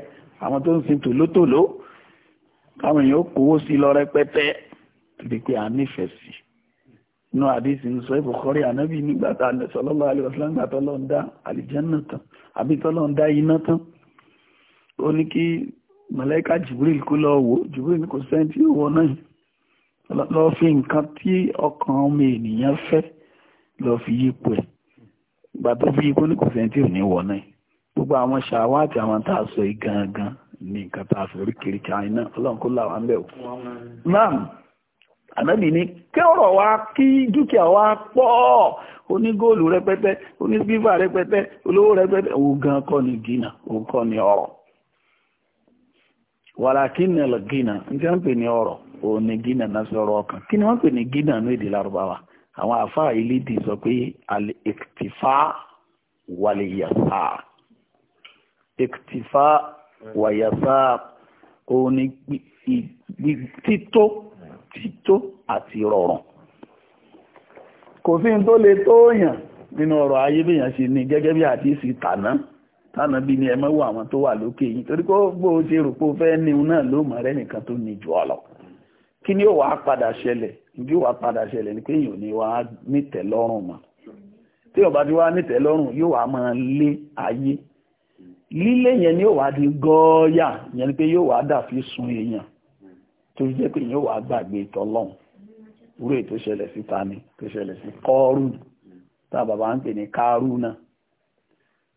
àwọn tó ń sin tòlótòló káwọn èèyàn ó kówó sí lọ rẹpẹtẹ torí pé a nífẹ̀ẹ́ sí inú àdìsí ń sọ ìbùkọ́rí ànábì nígbà tá a sallallahu alaihi wasallam nígbà tọ́lọ́ ń màláíkà Jibril kó lọ wò Jibril kò sẹ́ni tí ó wọ náà lọ fi nǹkan tí ọkàn ọmọ ènìyàn fẹ́ lọ fi yípo ẹ̀ ìgbà tó fi yípo ní kò sẹ́ni tí ò ní wọ náà gbogbo àwọn ṣàwá àti àwọn tá a sọ yìí gangan ní nǹkan tá a sọ orí kiri china ọlọ́run kó là wá ń bẹ̀ wò. naam ànábì ní kẹ́rọ̀ wa kí dúkìá wa pọ̀ onígóòlù rẹpẹtẹ onísílífà rẹpẹtẹ olówó rẹpẹtẹ òun gan kọ́ ni dínà òun kọ́ ni ọ̀rọ̀ wàlákínà gínà ní tí wọ́n pè ní ọ̀rọ̀ òun ni gínà náà sọ̀rọ̀ ọkàn kí ni wọ́n pè ní gínà ní èdè lárúbáwá àwọn àfáà ilédè sọ pé al-iktifa wàlẹ̀yàsá iktifa wàyàsá òun ni tító tító àti rọrùn kò sí ní tó le tó yàn nínú ọ̀rọ̀ ayé bèèyàn ni gẹ́gẹ́ bí àdìsí tàná tánàbí ni ẹ má wo àwọn tó wà lókè yìí torí pé bó ṣe rò pé o fẹ́ níhun náà ló mọ̀ rẹ́ nìkan tó ní jù ọ lọ kí ni ó wàá padà ṣẹlẹ̀ ìdí ó wàá padà ṣẹlẹ̀ ni pé èèyàn ò ní wàá nítẹ̀lọ́rùn mọ́ tí ó bá ti wá nítẹ̀lọ́rùn yóò wàá máa lé ayé lílé yẹn ni ó wàá di gọ́ọ́yà yẹn ni pé yóò wàá dà fi sun èèyàn tó jẹ́ pé èèyàn wàá gbàgbé tọ́lọ́hún ni tó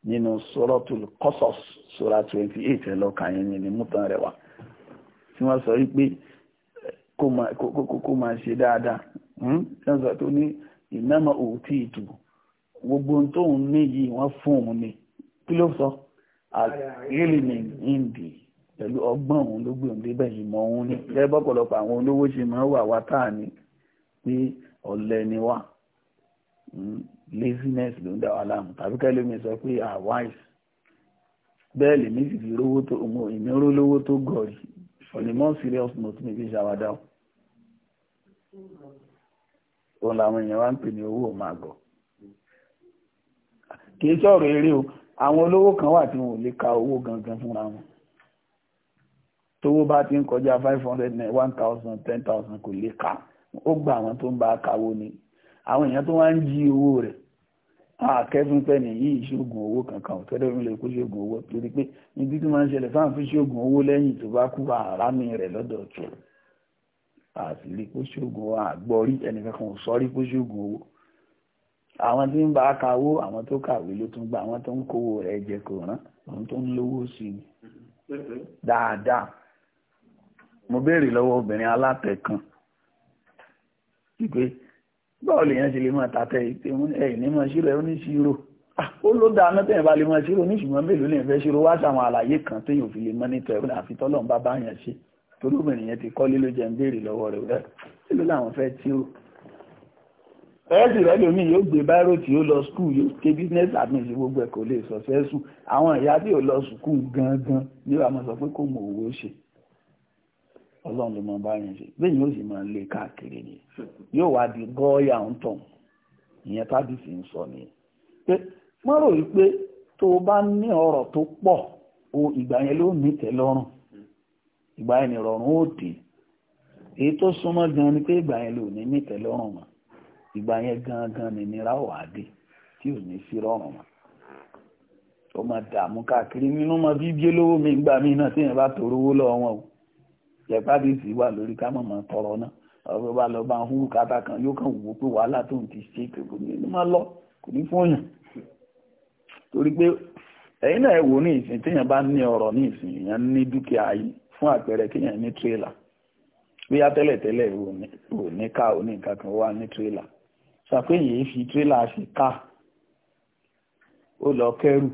nínú suratul Qasas sura twenty eight ẹ̀ lọ́ka ni mútan rẹ̀ wá tí wọ́n sọ wípé kó máa ṣe dáadáa hmm? tí wọ́n sọ tó ní ìnáma òtí ìtù gbogbo tóun ní yìí wọ́n fún òun ni kí ló sọ àìrìnì ìndì pẹ̀lú ọgbọ́n òun ló gbé òun débẹ̀ ìmọ̀ òun ni lẹ́bọ̀pọ̀lọpọ̀ àwọn olówó ṣe máa wà wá táà ní pé ọ̀lẹ laziness ló ń dá wa láàmú tàbí kẹ́lómi sọ pé ah wise bẹ́ẹ̀ lèmi sì fi rówó tó mo èmi ró lówó tó gọ̀ọ̀rì on a serious note mi fi ṣàwádà o òun làwọn èèyàn wá ń pè ní owó màgọ̀ kì í sọ̀rọ̀ eré o àwọn olówó kan wà tí wọn ò lè ka owó gangan fúnra wọn tówó bá ti ń kọjá five hundred one thousand ten thousand kò lè ka ó gba àwọn tó ń bá kawó ni àwọn èèyàn tó wá ń jí owó rẹ̀ àkẹ́fún pẹ́ nìyí ìṣògùn owó kankan ò tẹ́lẹ̀ orílẹ̀ èkó ṣògùn owó torí pé ibi tí máa ń ṣẹlẹ̀ fáwọn fún ṣògùn owó lẹ́yìn tó bá kú àrámì rẹ̀ lọ́dọ̀ tó àti rí kó ṣògùn àgbọ̀rí ẹnìkan kan ò sọ́rí kó ṣògùn owó àwọn tí ń bá kawó àwọn tó kàwé ló tún gba àwọn tó ń kówó rẹ̀ jẹ kò rán òun tó ń lówó sí i dáadáa mo béèrè lọ́wọ́ obìnrin alátẹ̀ kan wípé bọ́ọ̀lù yẹn ṣe lè máa tàtẹ́ ẹ̀yìn ní máa ṣírò ẹ̀ ó ní ṣírò ah, ó ló dáná tẹ́yìn bá lè máa ṣírò ní ṣùgbọ́n mélòó lè fẹ́ ṣírò wá sàwọn àlàyé kan téèyàn fi lè mọ́ nítorí ẹ̀kọ́ àfi tọ́lọ́run bá báyàn ṣe torí obìnrin yẹn ti kọ́lé ló jẹun béèrè lọ́wọ́ rẹ̀ rẹ̀ mélòó làwọn fẹ́ ṣírò ẹ̀ẹ́sì rẹ̀ lómi yóò gbé báírò tí ó lọ skul yóò ké business admin sí gbogbo ẹ̀ kò lè sọ̀sẹ́sù àwọn ìyá tí ò lọ sùkúù gangan ní wàá mọ̀ sọ pé kò mọ òwò ṣe ọlọ́run ló mọ bá yẹn ṣe bẹ́ẹ̀ yóò sì máa lé káàkiri ni yóò wá di gọ́ọ̀yà ń tàn ìyẹn tábìsì ń sọ nìyẹn pé wọ́n rò yí pé tó o bá ní ọ̀rọ̀ tó pọ̀ o ìgbà yẹn ló ní tẹ́lọ́rùn ìgbà yẹn nìrọ̀rùn ó dé èyí tó súnmọ́ gan ni pé ìgbà yẹn ló ní ní tẹ́lọ́rùn mọ́ ìgbà yẹn gangan ni nira wà á dé tí ò ní sí rọrùn mọ́ ó máa dààmú káàkiri nínú mọ bíbí olówó mi gbà mí náà tí yẹn bá torówó lọ́wọ́ wọn o ṣẹ̀fádìsì wà lórí ká mọ̀mọ́ tọrọ náà ọ̀rọ̀ bá lọ bá ń hú kátà kan yóò kàn wò pé wàhálà tó ń ti ṣe kò ní ní máa lọ kò ní fún òyàn torí pé ẹ̀yin náà ẹ wò ní ìsìn téèyàn bá ní ọ̀rọ̀ ní ìsìn èèyàn ní dúkìá yìí fún àpẹẹrẹ kéèyàn ní tírélà bóyá tẹ́lẹ̀tẹ́lẹ̀ ò ní ká ò ní nǹkan kan wá ní tírélà ṣàpéyìn yìí fi tírélà ṣe ká ó lọ kẹrù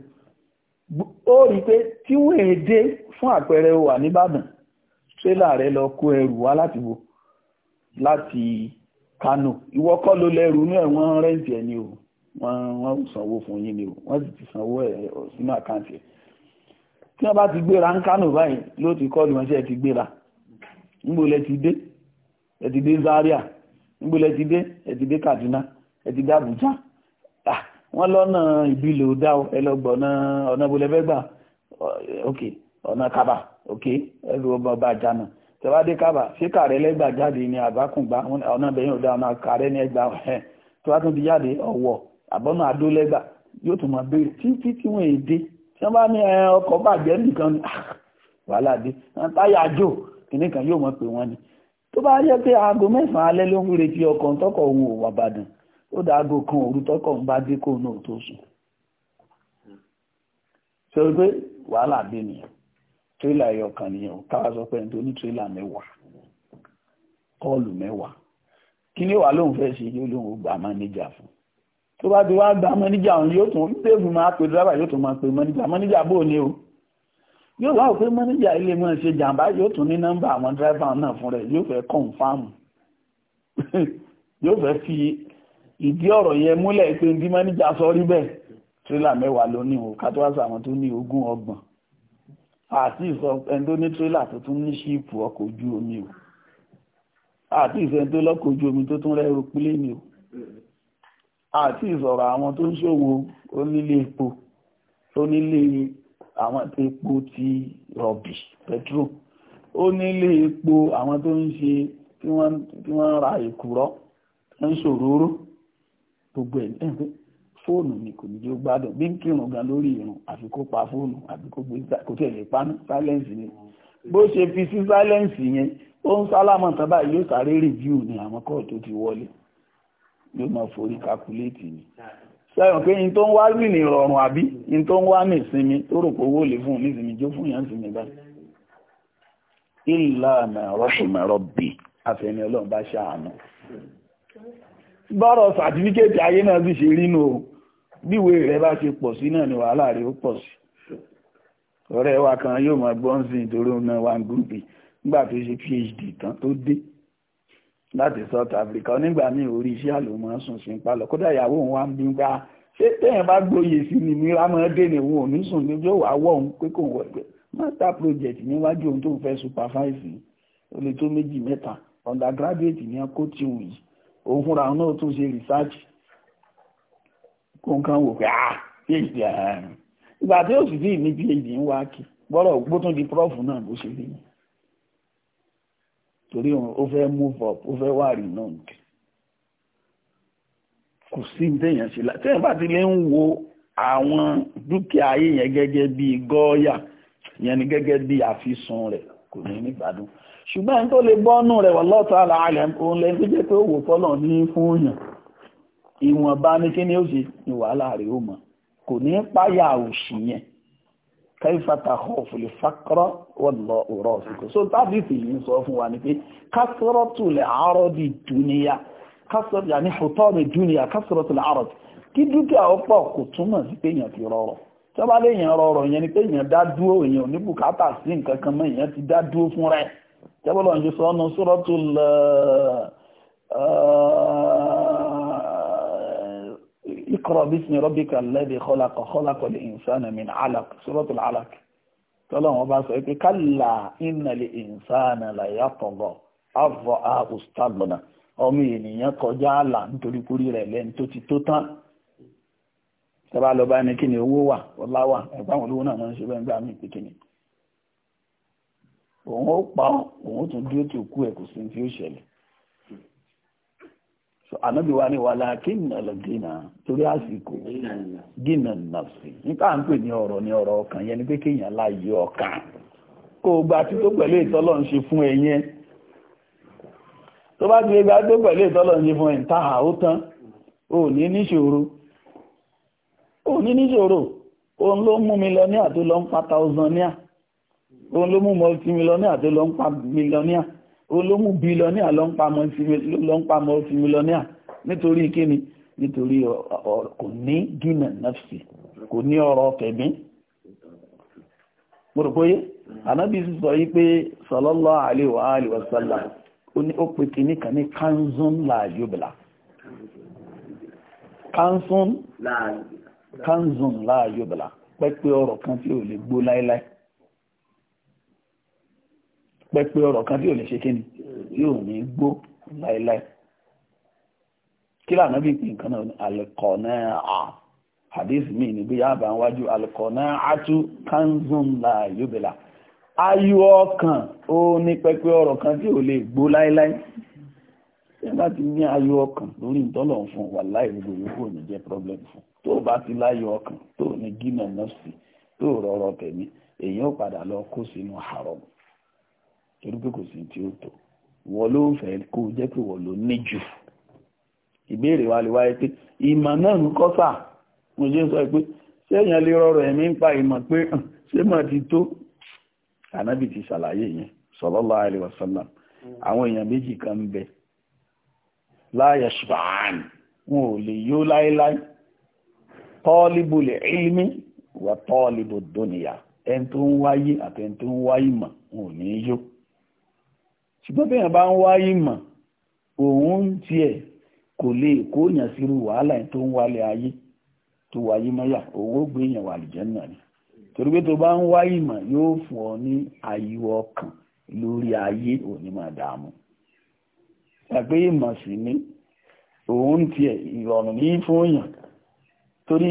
ó rí i pé tí wọ́n èdè fún àpẹẹrẹ wà níbàdàn tírélà rẹ lọ kó ẹrù wá láti wò láti Kánò ìwọ kọ́ ló lẹ́rù inú ẹ̀ wọ́n rẹ́ǹtì ẹ̀ ni o wọ́n wọ́n sanwó fún yín ni o wọ́n sì ti sanwó ẹ̀ sínú àkáǹtì ẹ̀ tí wọ́n bá ti gbéra ń Kánò báyìí ló ti kọ́ lùmọ́sí ẹ̀ ti gbéra ńgbò lẹ ti dé ẹ ti dé Zaria ńgbò lẹ ti dé ẹ ti dé Kaduna ẹ ti dé Abuja wọ́n lọ́nà ìbílẹ̀ ò dá ẹ lọ gbọ̀nà ọ̀nà ìbòlẹ́fẹ́gbà ok ọ̀nà kaba òkè ẹrù ọba ọba àjànà tẹwádé kaba, ṣé kàrẹ́ lẹ́gbà jáde ni àbákùngbà ọ̀nà bẹ̀yìn ọ̀dà ọ̀nà kàrẹ́ ní ẹgbà ẹ̀ tó wá tún ti jáde ọ̀wọ̀ àbọ̀nà àdó lẹ́gbà yóò tún títí tí wọ́n èdè tí wọ́n bá ní ọkọ̀ bàjẹ́ nìkan ni ah, wàhálà dé táyà jò kan yóò mọ̀ pé ló ń retí ọkọ̀ tọkọ̀ òun ò wà bàdàn ó kan òru tọkọ̀ ń bá dé kóun náà tó sùn. tírélà ẹyọ kan nìyẹn o káwa sọ pé ẹni tó ní tírélà mẹ́wàá kọ́ọ̀lù mẹ́wàá kí ni wàá lóun fẹ́ ṣe yóò lóun gba mánéjà fún tó bá ti wá gba mánéjà òun yóò tún déèfù máa pe dráìvà yóò tún máa pe mánéjà mánéjà bò ní o yóò wá òpin mánéjà ilé mọ́ ṣe jàǹbá yóò tún ní nọ́mbà àwọn dráìvà náà fún rẹ̀ yóò fẹ́ kọ̀ǹfàmù yóò fẹ́ fi ìdí ọ̀rọ̀ yẹn múlẹ̀ pé ní mánéjà sọ rí bẹ́ẹ̀ tírélà mẹ́wàá ló o ká wá sọ àwọn tó ní ogún ọgbọ̀n àti ìsọ ẹni tó ní tírélà tó tún ní ṣíìpù ọkọ̀ ojú omi o àti ìsọ ẹni tó lọ́kọ̀ ojú omi tó tún rẹ́rù pílẹ́ẹ̀nì o àti ìsọ̀rọ̀ àwọn tó ń ṣòwò onílé epo onílé àwọn epo ti rọ̀bì pẹtrol onílé epo àwọn tó ń ṣe tí wọ́n ra èkùrọ́ ń ṣòróró gbogbo ẹ̀ fóònù ni kò ní jó gbádùn bí kírun gan lórí irun àfi kó pa fóònù kó gbé kó tẹ̀ lè pa sáyẹ́ǹsì ni bó ṣe fi sí sáyẹ́ǹsì yẹn ó ń sálámọ̀ tán báyìí yóò sáré rìvíù ni ti wọlé yóò máa forí ni sẹ́yìn tó ń wá rí àbí tó ń wá ní ìsinmi tó rò pé owó lè fún un jó fún yàn bíwé rẹ̀ bá ṣe pọ̀ sí náà ni wàhálà rẹ̀ ó pọ̀ sí ọ̀rẹ́ wa kan yóò mọ bọ́ǹsìn torí ọ̀nà wa ń gúrùpì nígbà tó ṣe phd tán tó dé láti South Africa onígbà míì orí iṣẹ́ àlòmọ́ sùn sí ń palọ̀ kódà ìyàwó òun wá ń bí gbá ah, ṣé téèyàn bá gbóyè sí ni mìíràn máa dé ní òun ò ní sùn ní yóò wá wọ̀ òun pé kò wọ̀ ẹgbẹ́ master project níwájú ohun tó ń fẹ́ supervise ó lè tó méjì mẹ́ta undergraduate ní ọkọ̀ tí òun yìí òun fúnra òun náà tún ṣe research kó nǹkan wò pé ah phd ààrùn ìgbà tí ó sì sí ní phd ń wá kí bọ́rọ̀ gbó di prof náà bó ṣe rí ni torí ó fẹ́ move up ó fẹ́ wà rí náà nìkẹ́ kò sí téèyàn ṣe la téèyàn bá ti lè ń wo àwọn dúkìá ayé yẹn gẹ́gẹ́ bí gọ́ọ̀yà yẹn ni gẹ́gẹ́ bí àfisùn rẹ̀ kò ní nígbàdùn ṣùgbọ́n tó lè bọ́nù rẹ̀ wọ́n lọ́tọ̀ àlàálẹ̀ òun lẹ́yìn tó jẹ́ pé ó wò fọ́lọ̀ ní fún yàn ìwọ̀nba ní kí ni ó ṣe ni wàhálà rẹ̀ ó mọ̀ kò ní páyà òṣì yẹn kẹfàtà ọ̀fù lè fàkọ́rọ́ wọ́lọ ọ̀rọ̀ ọ̀sìnkò so tábìtì yìí ń sọ fún wa ní pé kásọ́rọ́tù lè àárọ̀dì dúníyà kásọ́rọ̀tù ní fòtọ́ọ̀mì dúníyà kásọ́rọ̀tù lè àárọ̀dì kí dúkìá ọ̀pọ̀ kò túmọ̀ sí pé èèyàn ti rọrọ̀ tó bá lè èèyàn rọrọ̀ yẹn ni pé èèyàn dá dúró èèyàn ní sí nǹkan kan mọ́ èèyàn ti dá dúró fún rẹ̀ tẹ́bọ́lọ́ ń ṣe sọ́nù sọ́rọ́tù lẹ́ẹ̀ uh, ikra bismi rabbika alladhi khalaqa khalaqal insana min alaq suratul alaq tọ́lọ́ wọn bá sọ pé kalla innal insana la yatgha afọ àkùsítàgbọ̀nà ọmọ ènìyàn kọjá àlà nítorí kúrí rẹ̀ lẹ́ni tó ti tó tán ni owó so ànábì wa ni wà láàkín nàlọ́gínà torí àsìkò gínà nàfsì nípa à ń pè ní ọ̀rọ̀ ní ọ̀rọ̀ ọkàn yẹn ni pé kéèyàn láàyè ọkàn kó o gba tító pẹ̀lú ìtọ́lọ̀ ń ṣe fún ẹyẹ tó bá ti lè gba tó pẹ̀lú ìtọ́lọ̀ ń ṣe fún ẹyẹ táhà ó tán ò ní níṣòro ò ní níṣòro òun ló mú mílíọ̀nìà tó lọ ń pa tàùsàníà òun ló mú mọ́tí mílíọ̀nìà tó lọ ń pa mílíọ̀nìà olóhùn bílọ́níà ló ń pamọ́ fímílọ́níà nítorí kíni nítorí kò ní gínà nafsi kò ní ọrọ̀ tẹ̀mí mọ̀rọ̀pọ̀yé anábì sọ yí pé sallallahu alaihi wa alihi wa sallam ó pè kìíní ní kanzun la yubla kanzun la yubla pẹ́pẹ́ ọrọ̀ kan tí ò lè gbó láíláí pepe ọ̀rọ̀ kan tí ò lè ṣe kí ni ní gbó láéláé kí lànà bí pín nǹkan náà alẹ́kọ̀ọ́ à hadith ní bí yáàbá ń wájú alẹ́kọ̀ọ́ náà átú kanzun ó ní ọ̀rọ̀ kan tí ò lè gbó láéláé bá ti ní ọkàn lórí ìtọ́lọ̀ fún gbogbo ní jẹ́ fún tó bá ti ọkàn tó ní gínà nọ́ọ̀sì tó rọrọ tẹ̀mí padà lọ kó sínú torí pé kò sí tí ó tó wọ́n ló ń fẹ́ kó jẹ́ pé wọ́n ló ní jù ìbéèrè wa lè wáyé pé ìmọ̀ náà ń kọ́ mo ṣe sọ pé sẹ́yìn lè rọrọ̀ ẹ̀mí ń pa ìmọ̀ pé ṣé mà ti tó ànábì ti ṣàlàyé yẹn sallallahu alaihi wasallam àwọn èèyàn méjì kan ń bẹ láyà ṣùgbọ́n wọn ò lè yó láéláé tọ́ọ́líbù lè wà tọ́ọ́líbù ẹni tó ń wáyé àtẹni tó ń wáyé mọ̀ wọn ò ní yó ṣùgbọ́n bí èèyàn bá ń wá ìmọ̀ òun tiẹ̀ kò lè kó èèyàn sírú wàhálà tó ń wálé ayé tó wáyé mọ́yà òun gbé èèyàn wà àlùjánnà ni torí pé tó bá ń wá ìmọ̀ yóò fún ọ ní ayọ̀ ọkàn lórí ayé òní máa dààmú ìmọ̀ sí ni òun tiẹ̀ ìrọ̀rùn ní fún èèyàn torí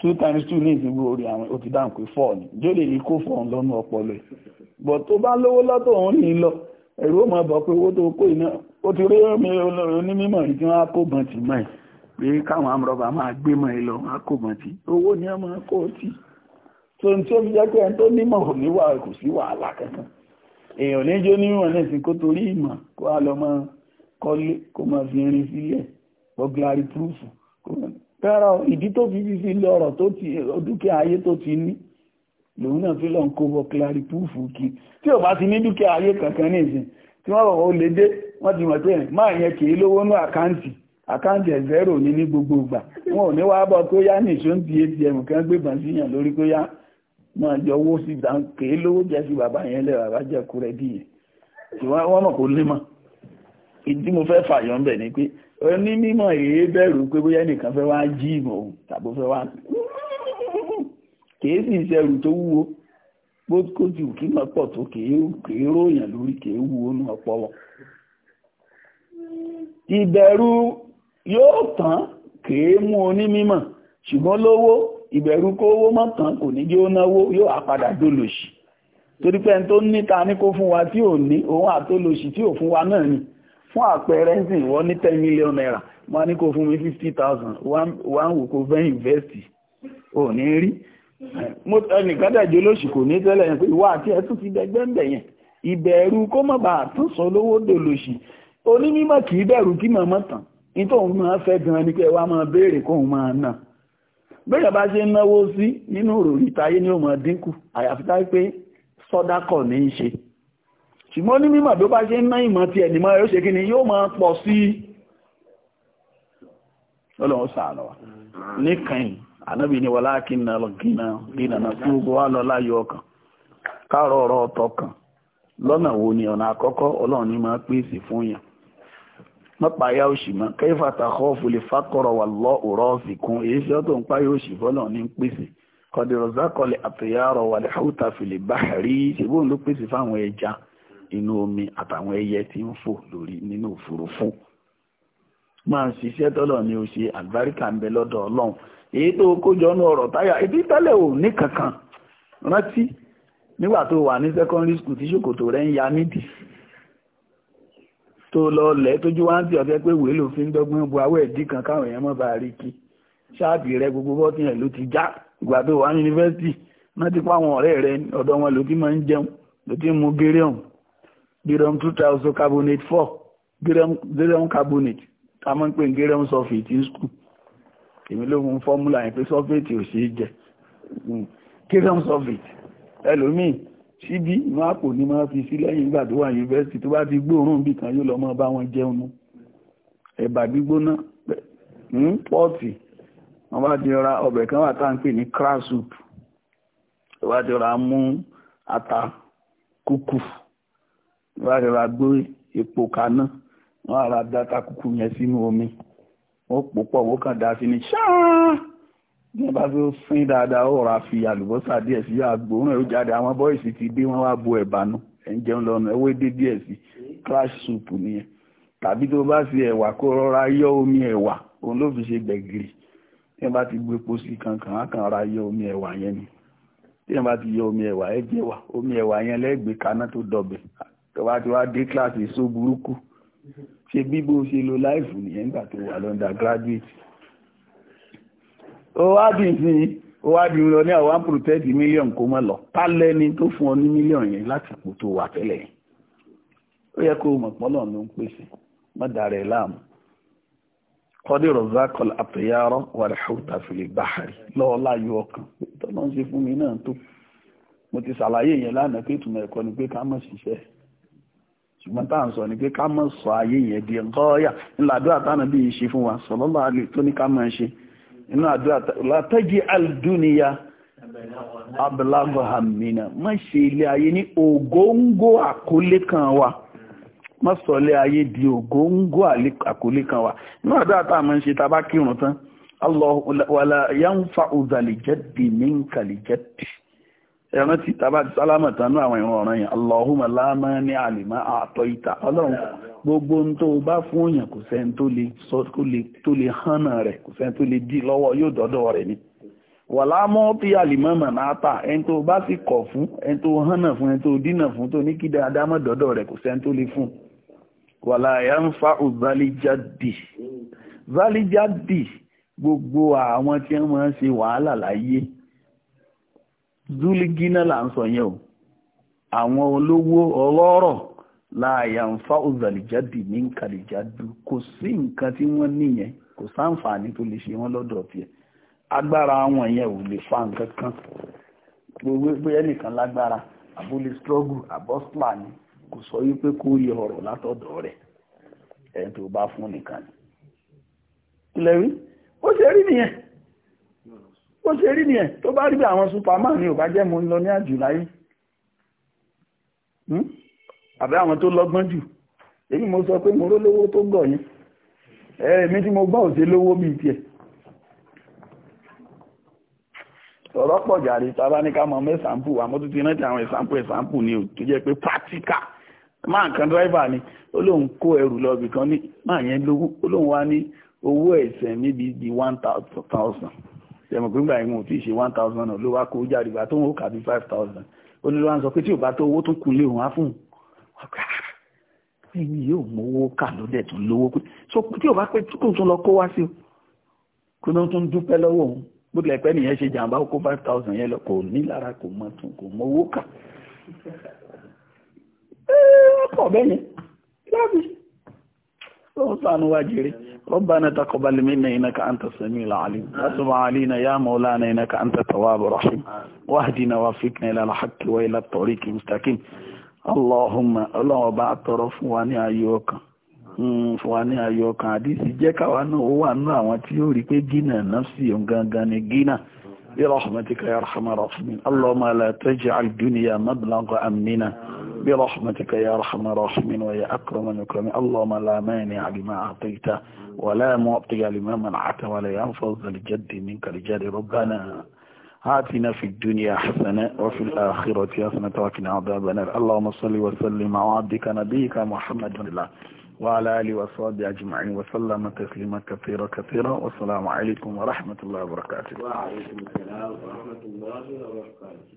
two times two ní ìsinmi orí àwọn ó ti dáhùn pé four ni jó lè ní kó fọ̀n lọ́nu ọpọlọ ẹ̀ bọ̀ tó bá lówó lọ́tọ̀ òun ní lọ ẹ̀rù ó máa bọ̀ pé owó tó kó iná ó ti rí onímọ̀ yìí tí wọ́n á kó bọ̀n tì mọ́ ẹ̀ pé káwọn amúrọ̀bà máa gbé mọ́ ẹ lọ á kó bọ̀n tì owó ni wọ́n máa kó tì tó ní tí ó fi jẹ́ pé ẹni tó nímọ̀ ò ní wà kò sí wàhálà kankan èèyàn níjó nímọ̀ náà sì kó torí ìmọ̀ kó a lọ máa kọ́lé kó máa fi irin sílẹ̀ bọ́gláàrí púrúfù kó máa rárá ìdí tó fi fi lọ ọ̀rọ̀ tó ti dúkìá ayé tó ti ní lòun náà fi lọ kó bọ púùfù kí tí ò bá ti ní dúkẹ́ ayé kankan ní ìsìn tí wọ́n bọ̀ ó lè dé wọ́n ti mọ̀ pé máa yẹn lówó ní àkáǹtì àkáǹtì ní ní gbogbo ìgbà wọn ò ní wá bọ̀ kó yá ń di atm kan gbébọn síyàn lórí kó yá máa yọ owó sí ìdá kì lówó jẹ́ sí bàbá yẹn lẹ́ bàbá jẹ́ kúrẹ́ oní mímọ̀ èé bẹ̀rù pé bóyá nìkan fẹ́ wá jí ìmọ̀ òun tàbí fẹ́ wá kìí sì ṣẹrù tó wúwo bó kó ju kí mọ̀ pọ̀ tó kìí ròyàn lórí kìí wúwo nù ọpọlọ ìbẹ̀rù yóò tán kìí mú onímímọ̀ ṣùgbọ́n lówó ìbẹ̀rù kówó mọ́ tán kò ní jẹ́ ó náwó yóò àpadà dólòṣì torí pé ẹni tó ní ta ní kó fún wa tí ò ní òun àtólòṣì tí ò fún wa náà ni fún àpẹẹrẹ ǹsìn ìwọ ní ten million naira mo ní kó fún mi fifty thousand one wò kó fẹ́ invest ò ní rí ẹnìkan dẹ̀jọ́ lóṣù kò ní tẹ́lẹ̀ yẹn pé ìwọ àti ẹ̀sùn ti dẹgbẹ́ ń bẹ̀ yẹn ìbẹ̀rù kó má bàa tún sọ lówó dòlòṣì onímọ̀ kì í bẹ̀rù kí màmá tán nítorí òun máa fẹ́ gan-an ni pé wàá máa béèrè ṣùgbọ́n ní mímọ̀ tó bá ṣe ń ná ìmọ̀ ti ẹ̀nìmọ̀ ẹ̀rọ ṣe kíni yóò máa pọ̀ sí ọlọ́run sàánà wa níkànnì ànábì ni wọlá kí nà lọ gínà gínà náà tí gbogbo wa lọ láyọ̀ ọkàn káàrọ̀ ọ̀rọ̀ ọ̀tọ̀ kan lọ́nà wo ni ọ̀nà àkọ́kọ́ ọlọ́run ni máa pèsè fún yàn mọ́pa ayá òṣì mọ́ kẹ́fà tàkọ́ fòlè fákọ̀rọ̀ inú omi àtàwọn ẹyẹ tí ń fò lórí nínú òfurufú máa ṣiṣẹ́ tọ́lọ̀ ni o ṣe àlùbáríkà ń bẹ lọ́dọ̀ ọlọ́run èyí tó kójọ ọ̀nà ọ̀rọ̀ táyà ibi tẹ́lẹ̀ ò ní kankan rántí nígbà tó wà ní secondary school tí ṣòkòtò rẹ̀ ń ya nídìí tó lọ lẹ̀ tójú wá ń tì ọ̀fẹ́ pé wèé ló fi ń dọ́gbọ́n bu awẹ́ ìdí kan káwọn èèyàn mọ́ bá rí kí ṣáàbì rẹ gbogbo bọ́tì yẹn ló ti já ìgbà tó wà ní yunifásitì náà ti pa àwọn ọ̀rẹ́ rẹ ọ̀dọ̀ wọn ló ti máa ń jẹun ló ti ń mu géré ọ̀hún dirham two thousand carbonate four dirham dirham carbonate a máa ń pè sulfate in school èmi ló mú fọ́múlà yẹn pé sulfate ò ṣeé jẹ dirham sulfate ẹlòmíì síbí inú àpò ni máa fi sí lẹ́yìn ìgbà tó wà yunifásitì tó bá ti gbóòórùn bì kan yóò lọ mọ́ bá wọn jẹun nu ẹ̀bà gbígbóná hmm, pọ́ọ̀tì wọ́n bá ti ra ọbẹ̀ kan wà tá à ń pè ní crown soup wọ́n bá ti ra mú ata kúkú wọ́n rẹ̀ ra gbé epo kaná wọ́n ara dá takùkù yẹn sínú omi wọ́n pò pọ̀ wọ́n kàn dá sí ni ṣáá bí wọ́n bá fi sín dáadáa ó rà fi àlùbọ́sà díẹ̀ sí àgbòrán ẹ̀ ó jáde àwọn bọ́ìsì ti dé wọ́n wá bo ẹ̀bà nù ẹ̀ ń jẹun lọ́nà ẹ̀wọ́ èdè díẹ̀ sí crash soup nìyẹn tàbí tó bá fi ẹ̀wà kó rọra yọ omi ẹ̀wà òun ló fi ṣe gbẹ̀gìrì tí wọ́n bá ti gbé epo sí kankan á kàn ra yọ omi ẹ̀wà yẹn ni tí wọ́n bá ti yọ omi ẹ̀wà ẹ jẹ́wà omi ẹ̀wà yẹn lẹ́gbẹ̀ẹ́ kaná tó dọ̀bẹ̀ tó bá ti wá dé kíláàsì só burúkú ṣe bíbó ṣe lo láìfù nìyẹn nígbà tó wà lọ́ndà graduate ó wá dì sí ó wá di lọ ní àwọn protect million kó mọ́ lọ ta lẹ́ni tó fún ọ ní million yẹn láti pò tó wà tẹ́lẹ̀ ó yẹ kó mọ̀ pọ́nà ló ń pèsè má dàrẹ̀ láàmú kọ́dé rọ̀zákọ̀lá àtẹ̀yàrọ̀ wà rẹ̀ ṣùtà fìlè báhárì lọ́ọ́ láyé ọkàn tọ́lọ́ ń ṣe fún mi náà tó mo ti ṣàlàyé yẹn lánàá pé ìtumọ̀ ẹ̀kọ́ ni pé ká mọ̀ ṣiṣẹ́ ṣùgbọ́n táà ń sọ ní pé ká mọ̀ sọ ayé yẹn di gọ́ọ̀yà ńláàdúrà tánà bí i ṣe fún wa sallallahu alaihi tó ní ká mọ̀ ṣe inú àdúrà látẹ́jì aldúniyà abúlágọ́hàmìnà má ṣe ilé ayé ní ògóńgó àkólé kan wa má sọ ilé ayé di ògóńgó àkólé kan wa inú àdúrà táà mọ̀ ṣe tá kírun tán Allah wàlà yanfa'u zalijaddi minka lijaddi ẹ̀rán tí tàbá ti sálámà tánú àwọn ìran ọ̀ràn yẹn Allahumma la mani alima àtọ́ ìta ọlọ́run gbogbo ń tó bá fún èèyàn kò sẹ́ni tó lè sọ tó lè hànà rẹ̀ kò sẹ́ni tó lè dí lọ́wọ́ yóò dọ́dọ̀ rẹ̀ ni wàlá mọ́ tí alìmọ́ mọ̀náta ẹni tó bá sì kọ̀ fún ẹni tó hànà fún ẹni tó dínà fún tó ní kí dáadáa dọ́dọ̀ rẹ̀ kò sẹ́ni tó lè fún wàlá yanfa ń ṣe zuligina là ń sọ awon o àwọn olówó ọlọ́rọ̀ láàyà ń fa òzàlìjáde ní kàlìjáde kò sí nǹkan tí wọ́n níyẹn kò sáǹfààní tó lè ṣe wọ́n lọ́dọ̀ agbara agbára wọn yẹn ò fa nǹkan kan gbogbo pé ẹnìkan lágbára abúlé struggle abọ́sílà ni kò sọ wípé kó ko ọ̀rọ̀ látọ̀dọ̀ rẹ̀ ẹ̀ tó bá fún nìkan ó ṣe rí nìyẹn tó bá rí bí àwọn superman ni ò bá jẹ́ mo ń lọ ní àjù láyé hmm? àbẹ́ àwọn tó lọ́gbọ́n jù èyí mo sọ pé mo ró lówó tó gọ̀ yín ẹ̀ẹ̀mí tí mo gbọ́ òṣè lówó bí i tiẹ̀ ọ̀rọ̀ pọ̀ jàre tàbá ní ká mọ̀ mẹ́sàmpù àmọ́ tó ti rántí àwọn ẹ̀sàmpù ẹ̀sàmpù ni ò tó jẹ́ pé pátíkà máa kan dráìvà ni ó lóun kó ẹrù lọ bìkan ní máa yẹn lówó ó lóun wá ní owó ẹ̀sẹ̀ níbi di one thousand ṣẹ̀mọ̀ pé nígbà ìwọ̀n tí ì ṣe one thousand náà ló wá kó jáde ìgbà tó ń kà bí five thousand ó ní lọ́wọ́ sọ pé tí ò bá tó owó tún kun lé òun á fún un èmi yóò mówó kà ló dẹ̀ tún lówó pé so tí ò bá pé kó tún lọ kó wá sí o kó ló tún dúpẹ́ lọ́wọ́ òun bó tilẹ̀ pẹ́ nìyẹn ṣe jàǹbá ó kó five thousand yẹn lọ kò ní lára kò mọ tún kò mówó kà ẹ ọkọ̀ bẹ́yẹn lábìsí اللهم صل واجري ربنا تقبل منا إنك أنت السميع العليم وتب علينا يا مولانا إنك أنت التواب الرحيم واهدنا وافقنا إلى الحق وإلى الطريق المستقيم اللهم اللهم bá tọrọ fún wa ní ayọ̀ ọkàn fún wa ní ayọ̀ ọkàn àdísì jẹ́ káwa náà ó wà nínú àwọn tí ó rí pé gínà nafsi gangan ni gínà برحمتك يا ارحم الراحمين اللهم لا تجعل الدنيا مبلغ امننا برحمتك يا أرحم الراحمين ويا أكرم الأكرمين اللهم لا مانع لما أعطيته ولا معطي لما منعته ولا ينفض الجد منك لجد ربنا آتنا في الدنيا حسنة وفي الآخرة حسنة وكنا عذاب النار اللهم صل وسلم على عبدك نبيك محمد الله وعلى آله وصحبه أجمعين وسلم تسليما كثيرا كثيرا والسلام عليكم ورحمة الله وبركاته وعليكم السلام ورحمة الله وبركاته